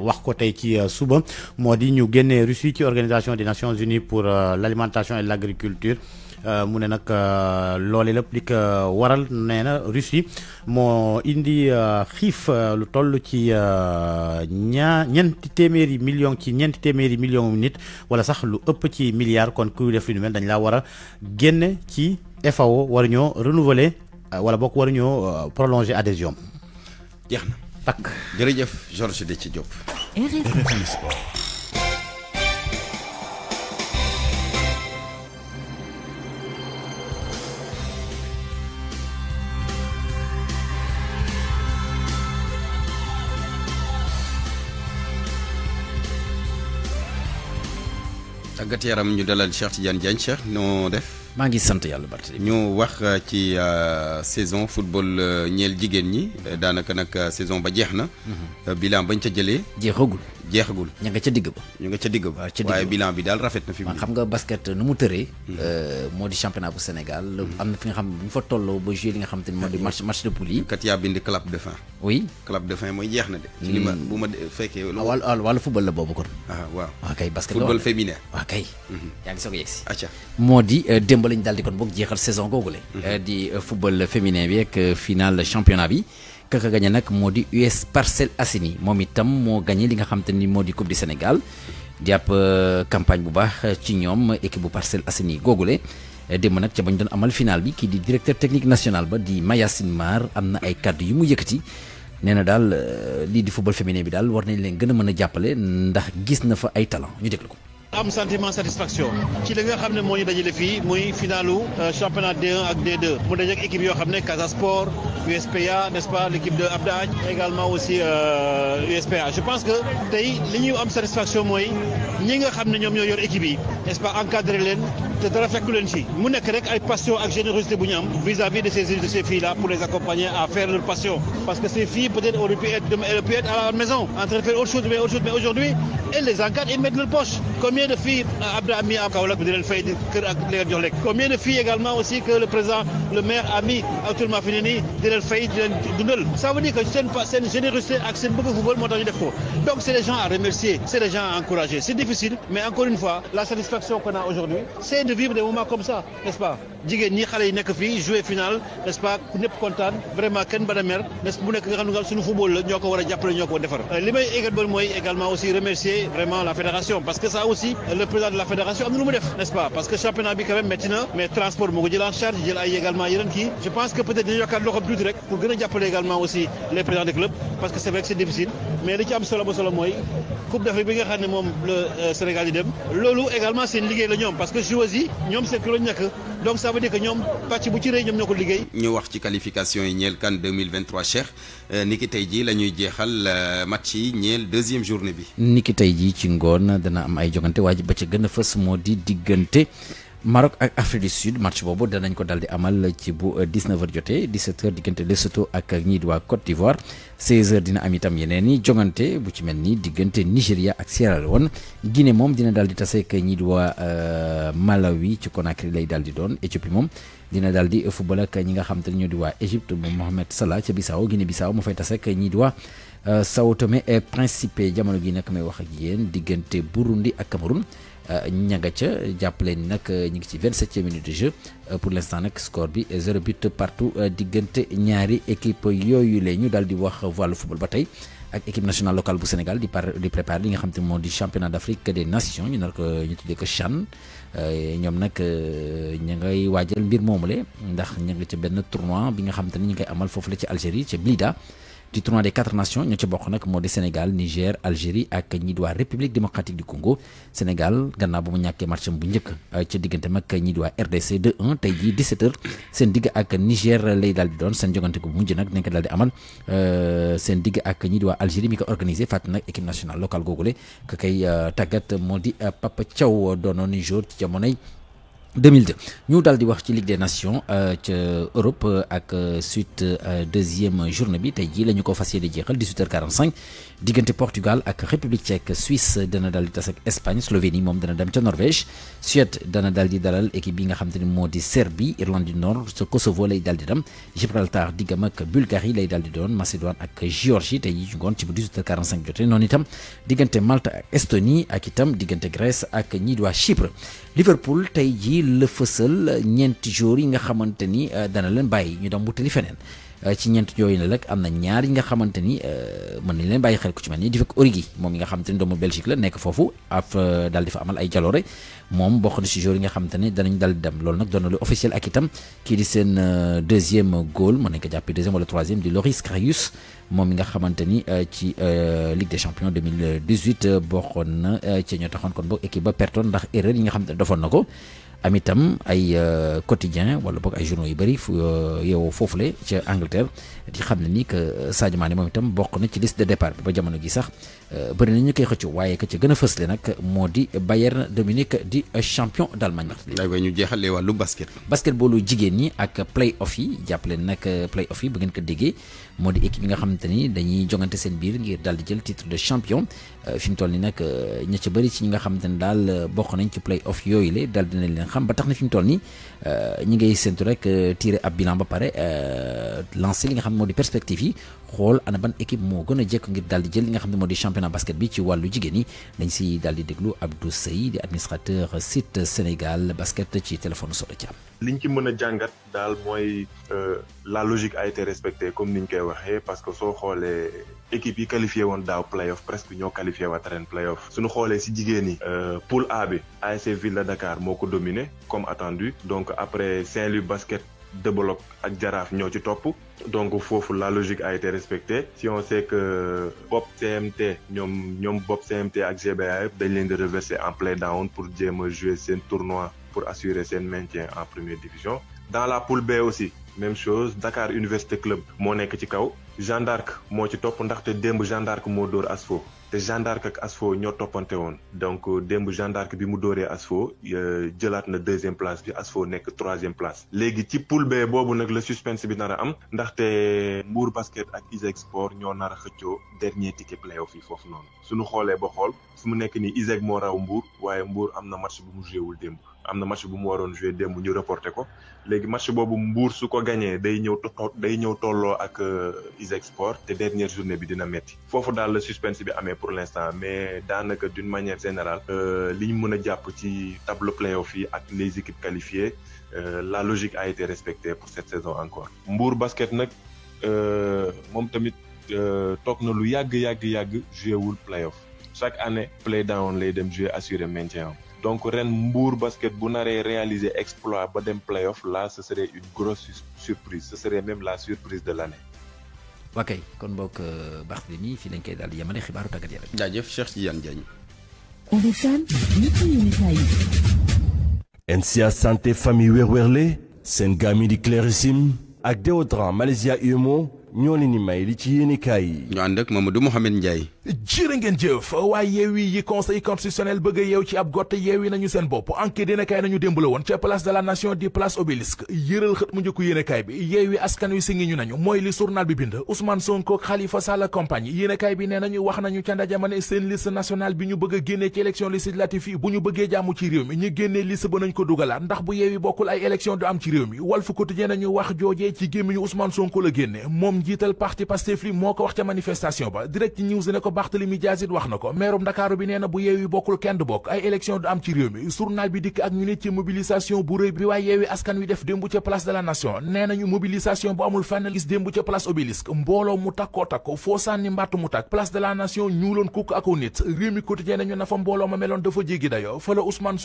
wax ko tay ci suba modi ñu Russie ci organisation des Nations Unies pour l'alimentation et l'agriculture euh, mu ne nag euh, loole lépp li ko euh, waral nee na Russie moo indi xiif lu toll ci ñaa ñeenti téeméeri million ci ñeenti téeméeri million nit wala sax lu ëpp ci milliard kon kuy def lu ñu mel dañ laa war a ci FAO war ñoo renouveler wala bokk war ñoo prolonger adhésion jeex na takk jërëjëf Georges Dethie Diop tàggat yaram ñu dalal Cheikh Tidiane Diagne Cheikh noo def. maa ngi sant yàlla Barthélémy ñu wax euh, ci euh, saison football euh, ñeel jigen ñi danaka nak saison ba jeex mhm. bilan bañ ca jëlee. jeexagul jeexagul. ña nga ca digg ba. ñu nga ca digg ba ci waaye bilan bi dal rafet na fi. xam nga basket nu mu tëree. Mhm. moo di championnat bu Sénégal. Mhm. amna fi nga xam bu fa tollo ba joué li nga xam modi match match de poule kat ya bind club de fin. oui club de fin moy jeexna na de. ci li ma mm. bu ma wal ah, wal ah, football la bobu kon. ah waaw. Ah, kay basket football féminin. wa kay. ya ngi soog yexi yegsi. modi di démb lañ dal di kon boog jéxal saison gogulé eh, di euh, football féminin bi ak euh, final championnat bi kaka gagné nak modi US Parcelles Assini moom itam mo gagné li nga xam te ni coupe du Sénégal diap euh, campagne bu baax ci ñom équipe bu Parcelles Assainies googule eh, démb nag ca bañ doon amal final bi ki di directeur technique national ba di Mayacine Mar amna ay cadre yu mu yëkëti néna dal daal di football féminin bi dal war nañ leen gëna mëna jappalé ndax gis na fa ay talent ñu déglu ko am sentiment satisfaction ci li nga xam moy moo ñu dajale fii muy finalu euh, championnat D1 ak D2 mu daje ak équipe yo xam Casa Sport USPA n'est-ce pas l'équipe de Abda également aussi USPA euh, je pense que tay li ñu am satisfaction moy ñi nga xam ne ñoy yor équipe yi n'est-ce pas encadrer leen te dara fekku leen ci mu nek rek ay passion ak générosité bu ñu am vis-à-vis de ces de ces filles là pour les accompagner à faire leur passion parce que ces filles peut-être auraient pu être, pu être à la maison en train de faire autre chose mais autre chose mais aujourd'hui elles les encadrent et mettent leur poche Combien de filles euh, Abdel a mis à Kaolak, Combien de filles également aussi que le président, le maire a mis à de Finini, Ça veut dire que c'est une, générosité, accès beaucoup football, Donc c'est les gens à remercier, c'est les gens à encourager. C'est difficile, mais encore une fois, la satisfaction qu'on a aujourd'hui, c'est de vivre des moments comme ça, n'est-ce pas jigéen ni xale nek fi jouer final n'est-ce pas ku est content vraiment ken ba mer n'est-ce bu nek nga xam ne football la ñoo ko war a jàppale ñoo ko defar euh, également aussi remercier vraiment la fédération parce que ça aussi le président de la fédération n'est-ce pas parce que championnat bi quand même maintenant mais transport mon en charge ay également Yerenki. je pense que peut-être déjà yokkaat l'Europe plus direct pour que nous également aussi les présidents des clubs parce que c'est vrai que c'est difficile mais les ci am solo coupe d'Afrique bi le euh, Sénégal yi dem également c'est lié la parce que je yi que c'est c'est le donc ça veut dire ñoom pàcc bu ci rëy ñoom ñoo ko liggéey. ñu wax ci qualification yi ñeel CAN 2023 Cheikh euh, niki tey jii la ñuy jeexal euh, match yi ñeel deuxième journée bi. niki tey jii ci ngoon dana am ay jogante waaye ba ca gën a fës moo di diggante. Maroc ak Afrique du Sud match boobu danañ ko dal di amal ci bu 19h euh, jotee 17h diggante Lesotho ak ñii di waa Côte d'Ivoire 16 dina am itam yeneen i jongante bu ci mel ni diggante Nigéria ak Sierra Leone Guinée moom dina daal di tase ak ñii di waa euh, Malawi ci Conakry lay daal di doon Éthiopie moom dina daal di football ak ñi nga xam te ne ñoo di waa Égypte moom Mohamed Salah ca Bissau Guinée Bissau mu fay tase ak ñii di waa euh, Sao Tomé et Principe jamono gi nag may wax ak yéen diggante Burundi ak Cameroun. ña nga ca jàppale ni nag ñu ngi ci 27e minute de jeu euh, pour l' instant nag score bi 0 but partout euh, diggante ñaari équipe yooyu la ñu daal di wax wàllu football ba tey ak équipe nationale locale bu Sénégal di par di prépare li nga xam te moo di championnat d' Afrique des nations ñu nar ko ñu tuddee ko CHAN euh, ñoom nag ña ngay waajal mbir moomule ndax ña nga ca benn tournoi bi nga xam te ne ñu ngi koy amal foofu la ci Algérie ca Blida. du tournoi des quatre nations ñu ci bokk nak modi Sénégal Niger Algérie ak ñi di République démocratique du Congo Sénégal ganna bu mu ñaké match bu ñëk euh, ci digënté mak ñi di RDC 2-1 tay ji 17h sen digg ak Niger lay dal di doon sen jogante bu mujj nak nek dal di amal euh, sen digg ak ñi di Algérie mi ko organiser fat nak équipe nationale locale gogolé ka kay euh, tagat modi Papa Thiaw doonoon joueur ci jamonay 2002 ñu daal di wax Ligue des Nations euh, ca Europe euh, ak euh, suite deuxième journée bi tey jii la ñu ko fas yéene jeexal 18h45 diggante Portugal ak République tchèque Suisse dana daal di tas Espagne Slovénie Mom, dana dem ca Norvège Suède dana daal di dalal équipe bi nga xam Serbie Irlande du Nord Kosovo lay daal di dem Gibraltar diggam ak Bulgarie lay daal di doon Macédoine ak Géorgie tey jii ñu ngoon ci 18h45 jotee non itam diggante Malte ak Estonie ak itam diggante Grèce ak Nidwa, Chypre. Liverpool tey jii la fësal ñeenti jours yi nga xamante ni euh, dana leen bàyyi ñu dem wutali feneen. ci ñeent yooyu ne nag am na ñaar yi nga xamante ni euh, mën nañ leen bàyyi xel ku ci mel ni di fekk Origi moom yi nga xamante ni doomu nekk foofu af euh, daal di fa amal ay jaloore moom bokk na si joueur yi nga xamante ni danañ daal di dem loolu nag doon na lu officiel ak itam kii di seen euh, deuxième goal mën nañ ko jàppee deuxième wala troisième di Loris Karius moom mi nga xamante ni ci Ligue des champions 2018 bokkoon na ci ñoo taxoon kon boog équipe ba pertoon ndax erreur yi nga xamante ni defoon na ko amitam ay euh, quotidien wala bok ay journaux yu bari fu euh, yow fofule ci Angleterre di xam ne ni que euh, Sadio Mané moom itam bokk na ci liste de départ ba jamono gi sax bari na ñu koy xëccu waaye que ca gën a fësle nag Bayern de Munich di champion d'Allemagne. lay way ñu jéxalé walu basket. basketboolu jigéen ni ak play off yi jàppale nak play off yi bu ngeen ko déggé modi équipe yi nga xamante dañuy jongante seen biir ngir dal di jël titre de champion. Euh, fi tolni nak euh, ñi ci bari ci ñi nga xamante ne daal euh, nañ ci play off yooyu le daal dinañ leen xam ba tax na fi mu ñi ngay sentu rek tiré ab bilan ba pare lancé li nga xam modi perspective yi xol ana ban équipe mo gëna a jekk ngir dal di jël li nga xam modi championnat basket bi ci walu jigéen dañ ci dal di déglu Abdou Seye administrateur site Sénégal basket ci téléphone solo Thiam liñ ci mën a jàngat daal mooy euh, la logique a été respectée comme niñ koy waxee parce que soo xoolee équipe yi qualifié woon daaw playoff presque ñoo qualifié waat ren playoff suñu xoolee si jigéen yi euh, poule A bi ASC Ville de Dakar moo ko dominé comme attendu donc après Saint-Louis basket Deboloc ak Jaraaf ñoo ci top. donc foofu la logique a été respectée si on sait que euh, Bob CMT ñoom ñoom Bob CMT ak GBA dañ leen di reverser en play down pour jéem a jouer ce tournoi pour assurer son maintien en première division dans la poule B aussi même chose Dakar Université Club Monek nekk Jean d'Arc moo ci topp ndaxte Jeanne d'Arc Modor Asfo te Jeanne ak Asfo ñoo toppante woon donc euh, démb gendarque bi mu dóoree Asfo euh, jëlaat na deuxième place bi Asfo nekk troisième place léegi ci poule B boobu nag le suspense bi nar a am ndaxte Mbour basket ak ISEG sport ñoo nar a xëccoo dernier ticket playoff yi foofu noonu suñu xoolee ba xool fu mu nekk nii ISEG moo raw Mbour waaye Mbour am na match bu mu joué wul démb am na match bu mu waroon joué démb ñu reporté ko léegi match boobu Mbour su ko gañee day ñëw day ñëw tolloo ak euh, ISEG sport te dernière journée bi dina metti foofu daal le suspense bi amee pour l'instant, mais d'une manière générale euh, liñ tableau playoff yi ak les équipes qualifiées euh, la logique a été respectée pour cette saison encore Mbour basket euh, mom tamit euh, tok na lu yag yag jouer wul playoff chaque année play down lay dem jouer assurer maintien donc ren Mbour basket bu naré réaliser exploit ba dem playoff là ce serait une grosse surprise ce serait même la surprise de l'année. waa kay kon mbokk euh, Barthélemy fii lañ koy daal di yemale xibaaru jaajëf Cheikh Tidiane Diagne. NCA santé famille seen gaami di Clarisim ak déodorant Malaysia Umo ñoo leen may li ci yéenekaay yi. ñu ànd ak Mamadou Mouhamed Ndiaye. jërë ngeen jëf waaye yi conseil constitutionnel bëgg a yeew ci ab gotte yeewi nañu seen bopp enquête dina kay nañu démb la woon ca place de la nation di place obélisque yëral xët mu njëkku yéen kaay bi yeewi askan wi si nañu mooy li journal bi bind Ousmane Sonko Khalifa Sall compagnie yéen bi nee nañu wax nañu ca ndajamane seen liste nationale bi ñu bëgg génnee ci élection législative yi bu ñu bëggee jàmm ci réew mi ñu génnee liste ba nañu ko wax Barthélemy Dias it wax na ko meerum Ndakaaru bi nee na bu yeewi bokkul kenn bokk ay élection du am ci réew mi journal bi dikk ak ñu nit ci mobilisation bu rëy bi waaye yeewi askan wi def démb ca place de la nation nee nañu mobilisation bu amul fenn gis démb ca place obélisque mbooloo mu takkoo takko foo sànni mbàtt mu tak place de la nation ñuuloon kukk ako nit réew mi quotidien nañu na mbooloo ma meloon dafa jéggi dayo fa la Ousmane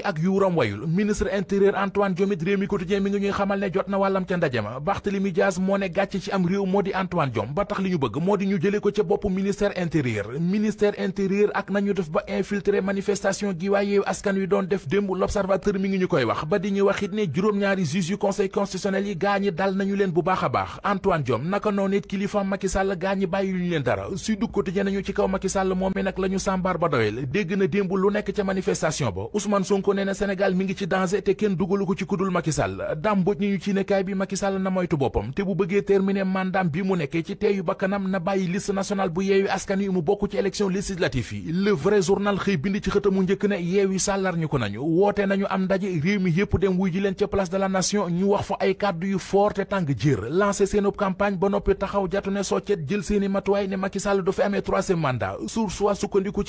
Macky ak yuuram wayul ministre intérieur Antoine Diome it Rewmi Quotidien mi ngi ñuy xamal ne jot na wàllam ca ndaje ma Barthélémy Dias moo ne gàcce ci am réew moo di Antoine Diome ba tax li ñu bëgg moo di ñu jële ko ca bopp ministère intérieur ministère intérieur ak nañu def ba infiltrer manifestation gi waaye askan wi doon def démb l'observateur mi ngi ñu koy wax ba di ñu wax it ne juróom-ñaari juge yu conseil constitutionnel yi gaañi dal nañu leen bu baax a baax Antoine Diome naka noonu it kilifa Macky Sall gaañi bàyyi ñu leen dara Sud Quotidien nañu ci kaw Macky Sall moom mi nag la ñu sàmbaar ba doyel dégg lu nekk ca manifestation ba Ousmane ko nee na mi ngi ci danger te kenn dugalu ko ci kudul Macky Sall daam boj ni ñu ci bi Macky Sall na moytu boppam te bu bëggee terminer mandaam bi mu nekkee ci teeyu bakkanam na bàyyi liste nationale bu yeewi askan yi mu bokk ci élection législative yi le vrai journal xëy bind ci xëtamu njëkk ne yeewi sàllar ñu ko nañu woote nañu am ndaje réew mi yëpp dem wuy ji leen ca place de la nation ñu wax fa ay kàddu yu fort te tàng jër lancé seenub campagne ba noppi taxaw jatu ne soccet jël seeni matuwaay ne Macky Sall du fi amee troisième mandat sur soit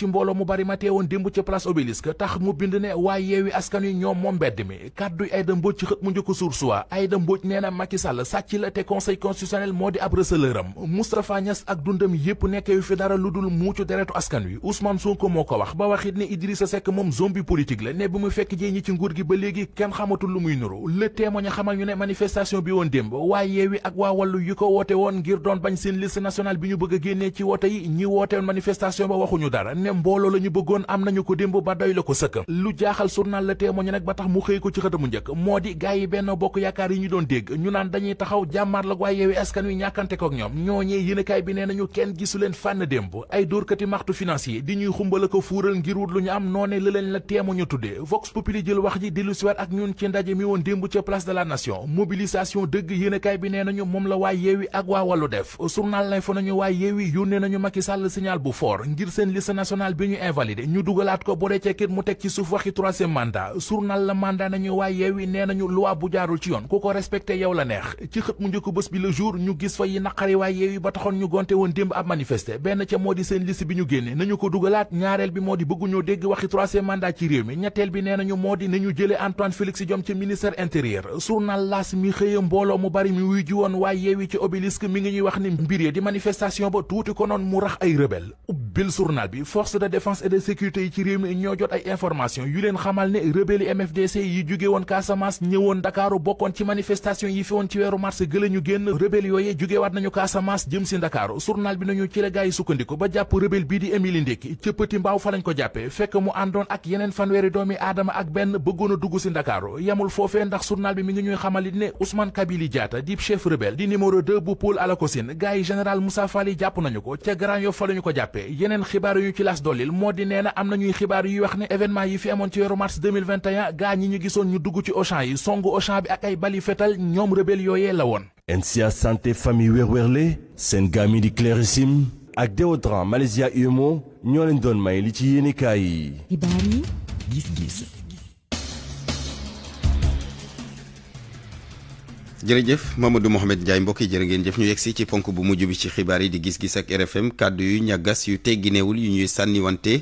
mbooloo mu bari ma teewoon démb ca place obélisque tax mu bind ne yeewi askan wi ñoom moom mbedd mi kàddu Aïda Mbodj ci xët mu njëkk suur suwa Aïda Mbodj nee na Macky sàcc la te conseil constitutionnel moo di ab receleuram Moustapha Niass ak dundam yépp nekk yu fi dara lu dul muucu deretu askan wi Ousmane Sonko moo ko wax ba waxit ne Idrissa Seck moom zombie politique la ne bu mu fekk jee ñi ci nguur gi ba léegi kenn xamatul lu muy nuru le témoin xamal ñu ne manifestation bi woon démb waa yeewi ak waa wàllu yi woon ngir doon bañ seen liste bi ñu bëgg a génnee ci woote yi ñi woote woon manifestation ba waxuñu dara ne mbooloo la ñu bëggoon am nañu ko démb ba doy la ko sëkk journal la témoigne nak ba tax mu xey ko ci xëtamu ñëk modi di gaay yi benn bokk yaakaar yi ñu doon dégg ñu naan dañuy taxaw jàmmaar la waaye yewi askan wi ñàkkante kook ñoom yene kay bi nee kenn gisu leen fànn démb ay dóorkati maxtu financier di ñuy xumbal ko fuural ngir wut lu ñu am noone la leen la teemu ñu tuddee vox populi jël wax ji dellu siwaat ak ñun ci ndaje mi woon démb ca place de la nation mobilisation dëgg kay bi nee mom moom la waa yewi ak waa wàllu def journal lay fo nañu waa yewi yónnee nañu Macky Sall signal bu fort ngir seen liste nationale bi ñu invalidé ñu dugalaat ko mu teg ci suuf waxi 3 procès mandat la mandat nañu waaye yeewi nee nañu loi bu jaarul ci yoon ku ko respecté yow la neex ci xët mu njëkk bés bi le jour ñu gis fa yi naqari waaye yeewi ba taxoon ñu gonte woon démb ab manifesté benn ca moo di seen liste bi ñu génne nañu ko dugalaat ñaareel bi moo di bëgguñoo dégg waxi troisième ci réew mi ñetteel bi nee nañu moo di nañu jële Antoine Félix Diome ci ministère intérieur journal laas mi xëye mbooloo mu bari mi wuy woon waaye yi ci xamal ne rebelle woon Casamance ñëwoon Ndakaaru bokkoon ci manifestation yi fi woon ci weeru mars gëla ñu génn rebelle yooye jógewaat nañu Casamance jëm si Ndakaaru journal bi nañu ci la gaa ba jàpp rebelle bii di Émile Ndéki ca Petit Mbaaw fa lañ ko jàppe fekk mu àndoon ak yeneen fanweeri doomi aadama ak benn bëggoon a dugg si Ndakaaru yamul foofee ndax journal bi mi ngi ñuy xamalit ne Ousmane Kabili Diatta di chef rebelle di numéro 2 bu Paul Alakosine gaa yi général Moussa Fall yi jàpp nañu ko ca Grand Yoff fa ko jàppe yeneen xibaar yu ñu ci las dollil moo di nee na am nañuy xibaar yuy wax ne événement yi fi amoon ci weeru mars 2021 gaa ñi ñu gisoon ñu dugg ci Auchan yi songu Auchan bi ak ay bali fetal ñoom rebelle yooyee la woon NCA santé famille wéer wérle seen gaam yi di Clairissime ak déodorant Malaysia Umo ñoo leen doon may li ci yéenekaay yi xibaar yi gis-gis jërëjëf Mamadou Mohamed yi jërë ngeen jëf ñu yegsi ci ponk bu mujj bi ci xibaar yi di gis-gis ak RFM kàddu yu ñàggas yu tegginewul yu ñuy sànniwante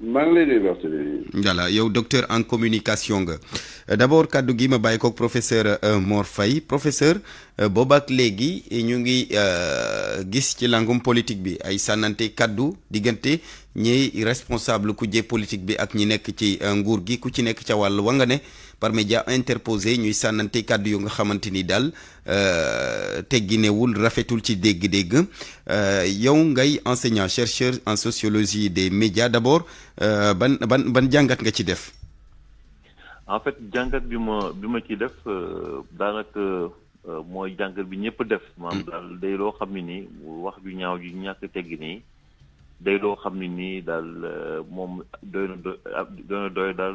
maa ngi lay nuyu yow docteur en communication nga euh, d' abord kàddu gi ma bàyyi ko professeur euh, Mor fay professeur euh, boobaak léegi ñu ngi gis ci langum politique bi ay sànnante kàddu diggante ñiy responsable ku je politique bi ak ñi nekk ci nguur gi ku ci nekk ca wàll wa nga ne. par média interposé ñuy sananté kàddu yu nga dal euh daal wul rafetul ci dégg-dégg euh, yow ngay enseignant chercheur en sociologie des médias d'abord euh, ban ban ban jangat nga ci def. en fait jàngat bima ma bi ma ci def euh, euh moy jangal bi ñëpp def. maanaam mm. dal day lo xamni ne wax ju ñaaw ju ñak tegg day loo xamni ni dal daal moom doyna na doy dal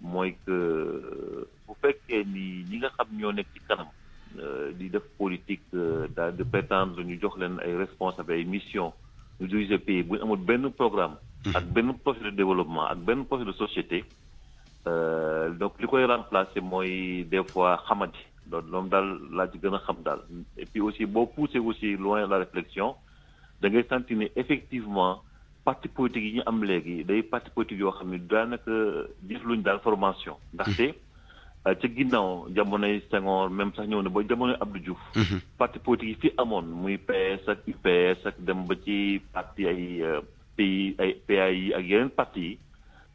moy que euh, bu fekkee ni ñi nga xam ñoo nekk ci kanam euh, di def politique euh, daal de prétendre ñu jox leen ay responsable ay mission ñu diriger pays bu amul benn programme mhm. ak benn projet de développement ak benn projet de société donc li koy remplacer mooy des fois xamati loolu moom daal laa ci gën a xam daal et puis aussi boo poussé aussi loin la réflexion da ngay sentir ni effectivement parti politique yi am léegi day parti politique yo xamni ne daanaka jëf luñ dal formation ndaxte euh, ci ginnaw jamonoy Senghor même sax ñew na ba jamonoy Abdou Diouf mhm. parti politique yi fi amone muy PS ak ps ak dem ba ci parti ay euh, pays ay PAI ak yeneen parti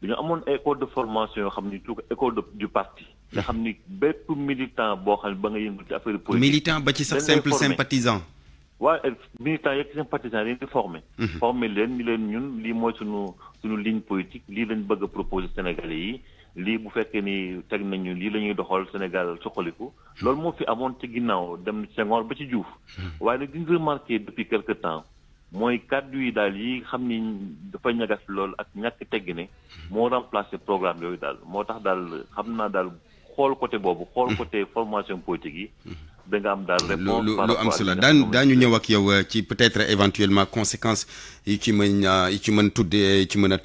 yi amone école de formation yo xamni tout école du parti nga mhm. xamni bép militant bo xam ba nga yëngu ci affaire politique militant ba ci sax simple sympathisant wa euh, militaires yeeg sont partisans leen di formé mhm. formé ñun ligne politique bëgg Sénégalais yi li bu ni nañu doxal Sénégal mhm. fi ci dem ba ci mhm. remarqué depuis quelques temps moy cadre yi dal yi xamni dafa ñagas lool ak programme côté formation politique da nga am daal la lu lu am solo daan ñëw ak yow ci peut-être éventuellement conséquences yi ci mën euh, yi ci mën tuddee yi ci mën a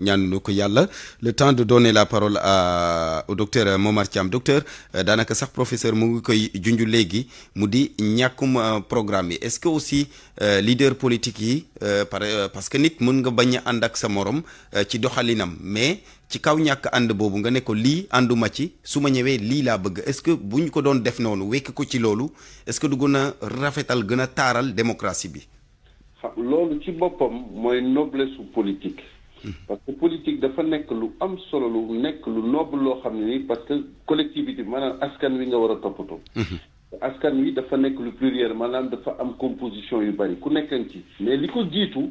ñaanu ko yàlla le temps de donner la parole à au docteur Momar Thiam docteur euh, daanaka sax professeur mu ngi koy junj léegi mu di ñàkkum euh, programme est-ce que aussi leader politique yi parce que nit mën nga bañ a sa morom ci doxalinam mais. ci kaw ñàkk ànd boobu nga ne ko lii ànduma ci su ma ñëwee lii laa bëgg est-ce que bu ñu ko doon def noonu wekk ko ci loolu est-ce que du gën a rafetal gën a taaral démocratie bi. xam loolu ci boppam mooy noblesse politique. Hmm. parce que politique dafa nekk lu am solo lu nekk lu noble loo xam ne parce que collectivité maanaam askan wi nga war a toppatoo. Hmm. askan wi dafa nekk lu pluriel maanaam dafa am composition yu bari ku nekkan ci mais li ko jiitu.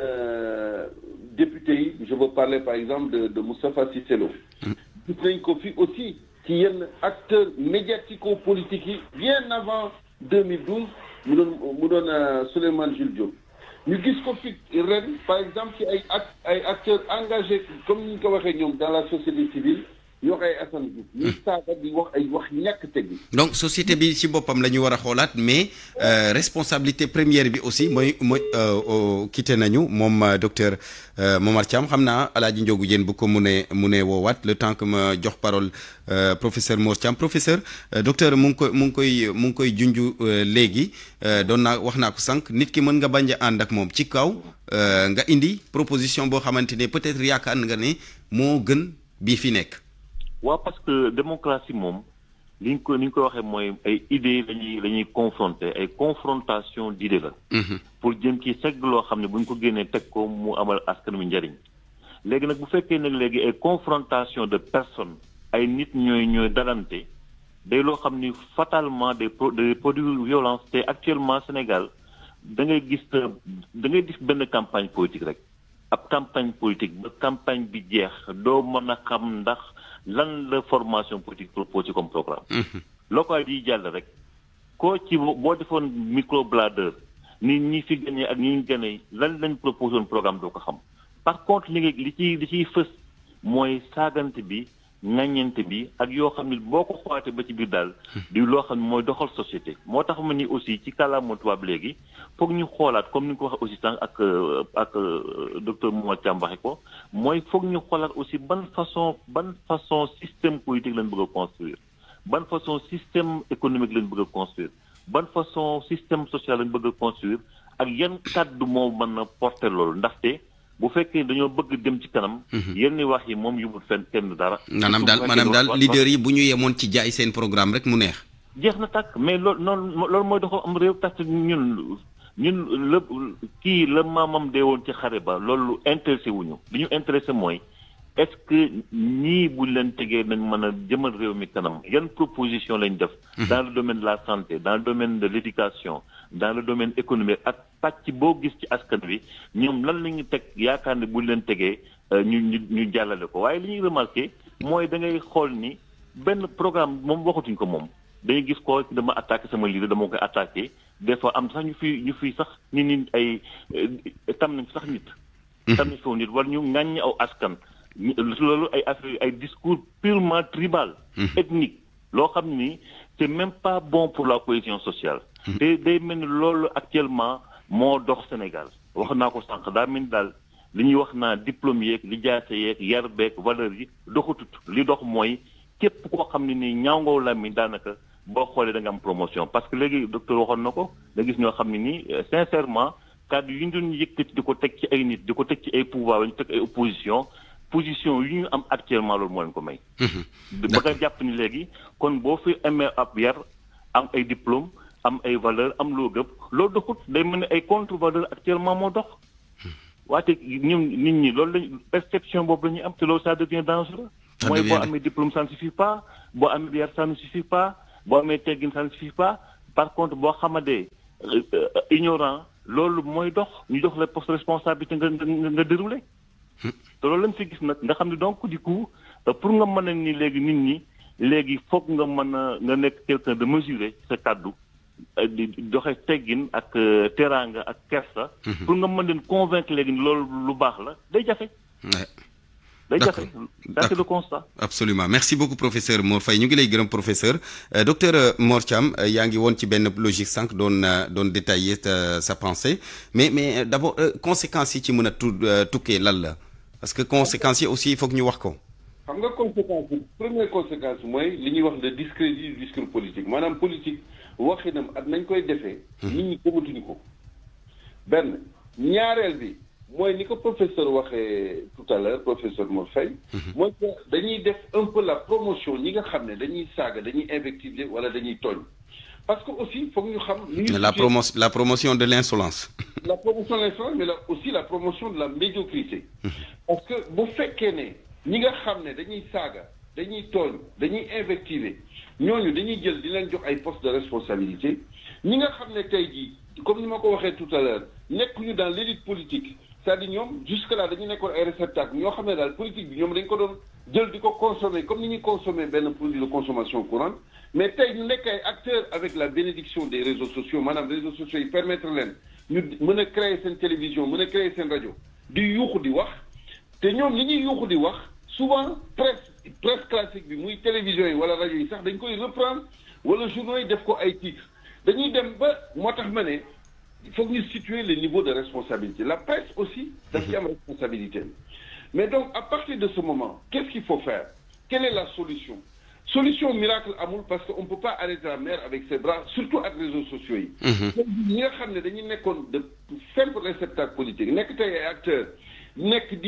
Euh, député je veux parler par exemple de de Moustapha Cissé Lo est mm. aussi acteur médiatico politique bien avant 2012 nous donne à Souleymane Jules Diop par exemple qui est un acteur euh, engagé comme ni dans la société civile Hmm. donc société bi ci bopam lañu wara mais euh, responsabilité première bi aussi moy euh quitté nañu mon euh, docteur euh, Momar Thiam xamna Aladji Alaaji Njogu bu ko mune mune le temps que ma jox parole professeur Mor Thiam professeur docteur mu ngi koy mu ngi koy mu ngi koy junj léegi doon naa wax ko sank nit ki mën nga bañ and ak mom ci kaw nga indi proposition bo xamantene peut-être yaakaar nga ne mo gën bi fi nek wa parce que démocratie mom li ko ni ñu ko waxee mooy ay idées lañuy lañuy confronter ay confrontation d'idées la. Mhm. pour jëm ci segg lo xam buñ ko génnee tek ko mu amal askan wi ndariñ légui nak bu fekkee nak légui ay confrontation de personnes ay nit ñoy ñoy dalante day lo xamni fatalement des pro des produits violence té actuellement Sénégal da ngay gis da ngay gis ben campagne politique rek ab campagne politique ba campagne bi jeex do mëna xam ndax. lan la formation politique proposé comme programme. Mhm. local yi jàll rek koo ci boo defoon micro bladeur ni ñi fi gagné ak ñi ñu gagné lan lañ proposé woon programme doo ko xam par contre li li ciy li ciy fës mooy saagante bi. ŋàññeente bi ak yoo xam ne boo ko xowaatee ba ci biir daal di loo xam ne mooy doxal société moo tax ma ni aussi ci kàllaama tubaab léegi foog ñu xoolaat comme ni ñu ko waxee aussi sànq ak ak euh, docteur Momadou Thiam waxee ko mooy foog ñu xoolaat aussi ban façon ban façon système politique lañ bëgg a construire ban façon système économique lañ bëgg a construire ban façon système social lañ bëgg a construire ak yan kàddu moo mën a porter loolu ndaxte bu fekkee dañoo bëgg dem ci kanam. Mhm. yenn wax yi moom yubul seen kenn dara. maanaam daal maanaam daal leader yi bu ñu yemoon ci jaay seen programme rek mu neex. jeex na tàkk mais loolu noonu loolu mooy doxoo am réew tàkk ñun ñun la kii la maamam dee woon ci xare ba loolu intéressé wuñu li ñu intéressé mooy est-ce que ñii bu leen tegee nañ mën a jëmal réew mi kanam yan proposition lañ def. Mhm. dans le domaine de la santé dans le domaine de l'éducation dans le domaine économique ak pàcc gis ci askan wi lan leen euh, ñu ñu ko li remarqué da programme waxatuñ ko gis ko dama des fois am sax ñu fi ñu fi sax nit ay euh, tam nañ sax nit. tam nit discours purement tribal. Mhm. ethnique loo même pas bon pour la cohésion sociale day day mel ni loolu actuellement moo dox Sénégal wax naa ko sànq daa mel ni daal li ñuy wax naa diplôme yeeg li jaase yeeg yar beeg valeur yi doxatut li dox mooy képp koo xam ne nii la ngoo làmmiñ daanaka boo xoolee da nga am promotion parce que léegi docteur waxoon na ko da gis ñoo xam ne nii euh, sincèrement kàddu yu ñu doon yëkkati di ko teg ci ay nit di ko teg ci ay pouvoir ñu teg ay opposition position yu ñu am actuellement loolu moo leen ko may. Mhm. ba nga jàpp ni léegi kon boo fi amee ab yar am ay diplôme am ay valeur am loo gëm loolu doxut day mel ni ay contre valeur actuellement moo dox waate ñun nit ñi loolu lañ perception boobu la ñuy am te loolu ça devient dangereux mooy boo amee diplôme ça ne suffit pas boo amee yar ça ne suffit pas boo amee teggin ça ne suffit pas par contre boo xamadee euh, ignorant loolu mooy dox ñu dox la poste responsabilité nga nga nga déroulé te loolu lañ fi gis nag nga xam ne donc du coup euh, pour nga mën a ni léegi nit ñi léegi foog nga mën a nga nekk quelqu'un de mesuré sa kàddu euh, di joxe teggin ak euh, teranga ak kersa. Mhm. pour nga mën leen convaincre léegi loolu lu baax la day jafe. day c'est le constat. absolument merci beaucoup professeur Mor Nous ñu ngi lay gërëm professeur euh, docteur mortiam Thiam yaa ngi woon ci logique 5 donne doon détailler sa pensée mais mais d'abord conséquences si ci tout tout là tukkee est parce que conséquences aussi il faut que ñu wax ko. xam nga conséquence première conséquence mooy li wax le discrédit du discours politique madame politique waxinam ak nañ koy defee. Hmm. nit ñi gëmatuñu ko. benn ñaareel bi mooy ni ko professeur waxee tout à l'heure professeur Morfay. Faye. Hmm. mooy que dañuy def un peu la promotion ñi nga xam ne dañuy saaga dañuy invectiver wala dañuy tooñ. parce que aussi foog ñu xam. la la promotion de l'insolence. la promotion de l'insolence mais aussi la promotion de la médiocrité. Hmm. parce que bu fekkee ne ñi nga xam ne dañuy saaga dañuy tooñ dañuy invectiver ñooñu dañuy jël di leen jox ay postes de responsabilité ñi nga xam ne tey comme ni ma ko tout à l'heure nekkuñu dans l'élite politique c'est-à-dire ñoom jusque là dañu nekkoon ay réceptacles ñoo xam ne daal politique bi ñoom dañ ko doon jël di consommer comme ni ñuy consommer benn produit de consommation courante mais tey ñu nekk ay acteurs avec la bénédiction des réseaux sociaux les réseaux sociaux ils permettent leen ñu mën a créer seen télévision mën a créer seen radio. di yuuxu di wax te ñoom li ñuy yuuxu di wax souvent presse presse classique du muy télévision voilà, wala ça. yi sax dañ koy reprendre le journaux yi def ko ay il faut ñu situer le niveau de responsabilité la presse aussi ça la responsabilité mais donc à partir de ce moment qu'est-ce qu'il faut faire quelle est la solution solution miracle amour, parce qu'on ne peut pas arrêter la mer avec ses bras surtout avec les réseaux sociaux Il faut mhm. nga xam ne des de simple politique acteur nekk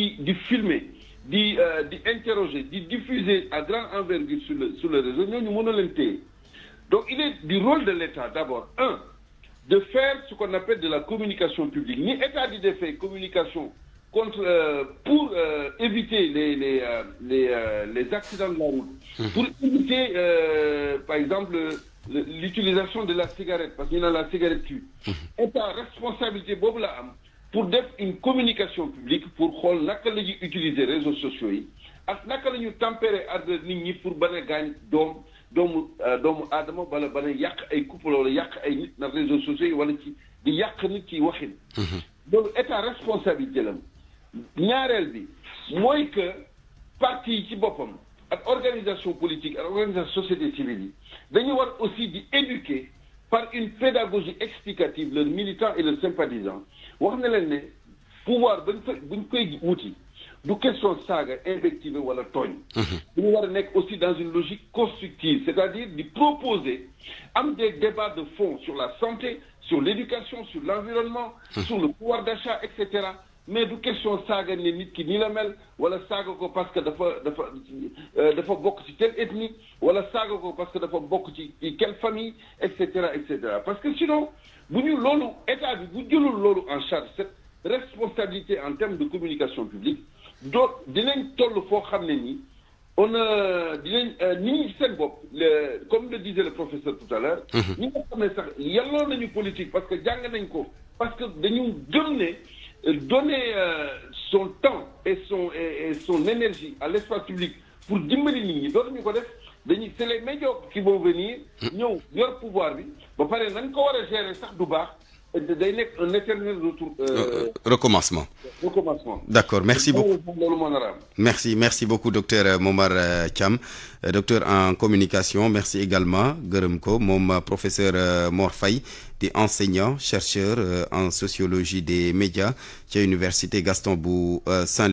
filmer d'interroger, euh, di diffuser à grand envergure sur le sur le réseau Nous, nous donc il est du rôle de l'État d'abord un de faire ce qu'on appelle de la communication publique ni État des faits communication contre euh, pour euh, éviter les les les, accidents de la route mmh. pour éviter par exemple l'utilisation de la cigarette parce y en a, la cigarette tue mmh. État responsabilité Bob la pour faire une communication publique pour xool naka la utiliser réseaux sociaux yi ak naka la tempérer ak nit ñi pour bañ a gaañ doom doomu adama euh, aadama bala bana yàq ay couple wala yàq ay nit na réseaux sociaux wala ci di yàq nit ci waxin mhm. loolu état responsabilité la ñaareel bi mooy que parti ci boppam ak organisation politique ak organisation société civile yi dañu war aussi di éduquer par une pédagogie explicative le militant et le sympathisant, on pouvoir question invective ou mhm. aussi dans une logique constructive c'est-à-dire de proposer des débats de fond sur la santé sur l'éducation sur l'environnement mhm. sur le pouvoir d'achat etc., mais du question saga ni nit ki ni la mel wala saga ko parce que dafa dafa euh, dafa bok ci telle ethnie wala saga ko parce que dafa bok ci ci quelle famille et cetera et cetera parce que sinon buñu lolu état bi bu jëlul lolu en charge cette responsabilité en termes de communication publique donc dinañ tollu fo xamné ni on euh, dinañ euh, ni ñi seen bopp comme le disait le professeur tout à l'heure mhm. ñi nga xam sax yallo nañu politique parce que jang nañ ko parce que dañu gëm né donner euh, son temps et son, et, son énergie à l'espace public pour diminuer les lignes. c'est les meilleurs qui vont venir mm. ont leur pouvoir bi ba faire nañ ko war gérer ça. du euh, euh, euh, recommencement. d'accord, merci beaucoup merci merci beaucoup docteur Momar Thiam docteur en communication merci également gërëm ko professeur Mor Faye di enseignant chercheur en sociologie des médias de l'université Gaston bu Saint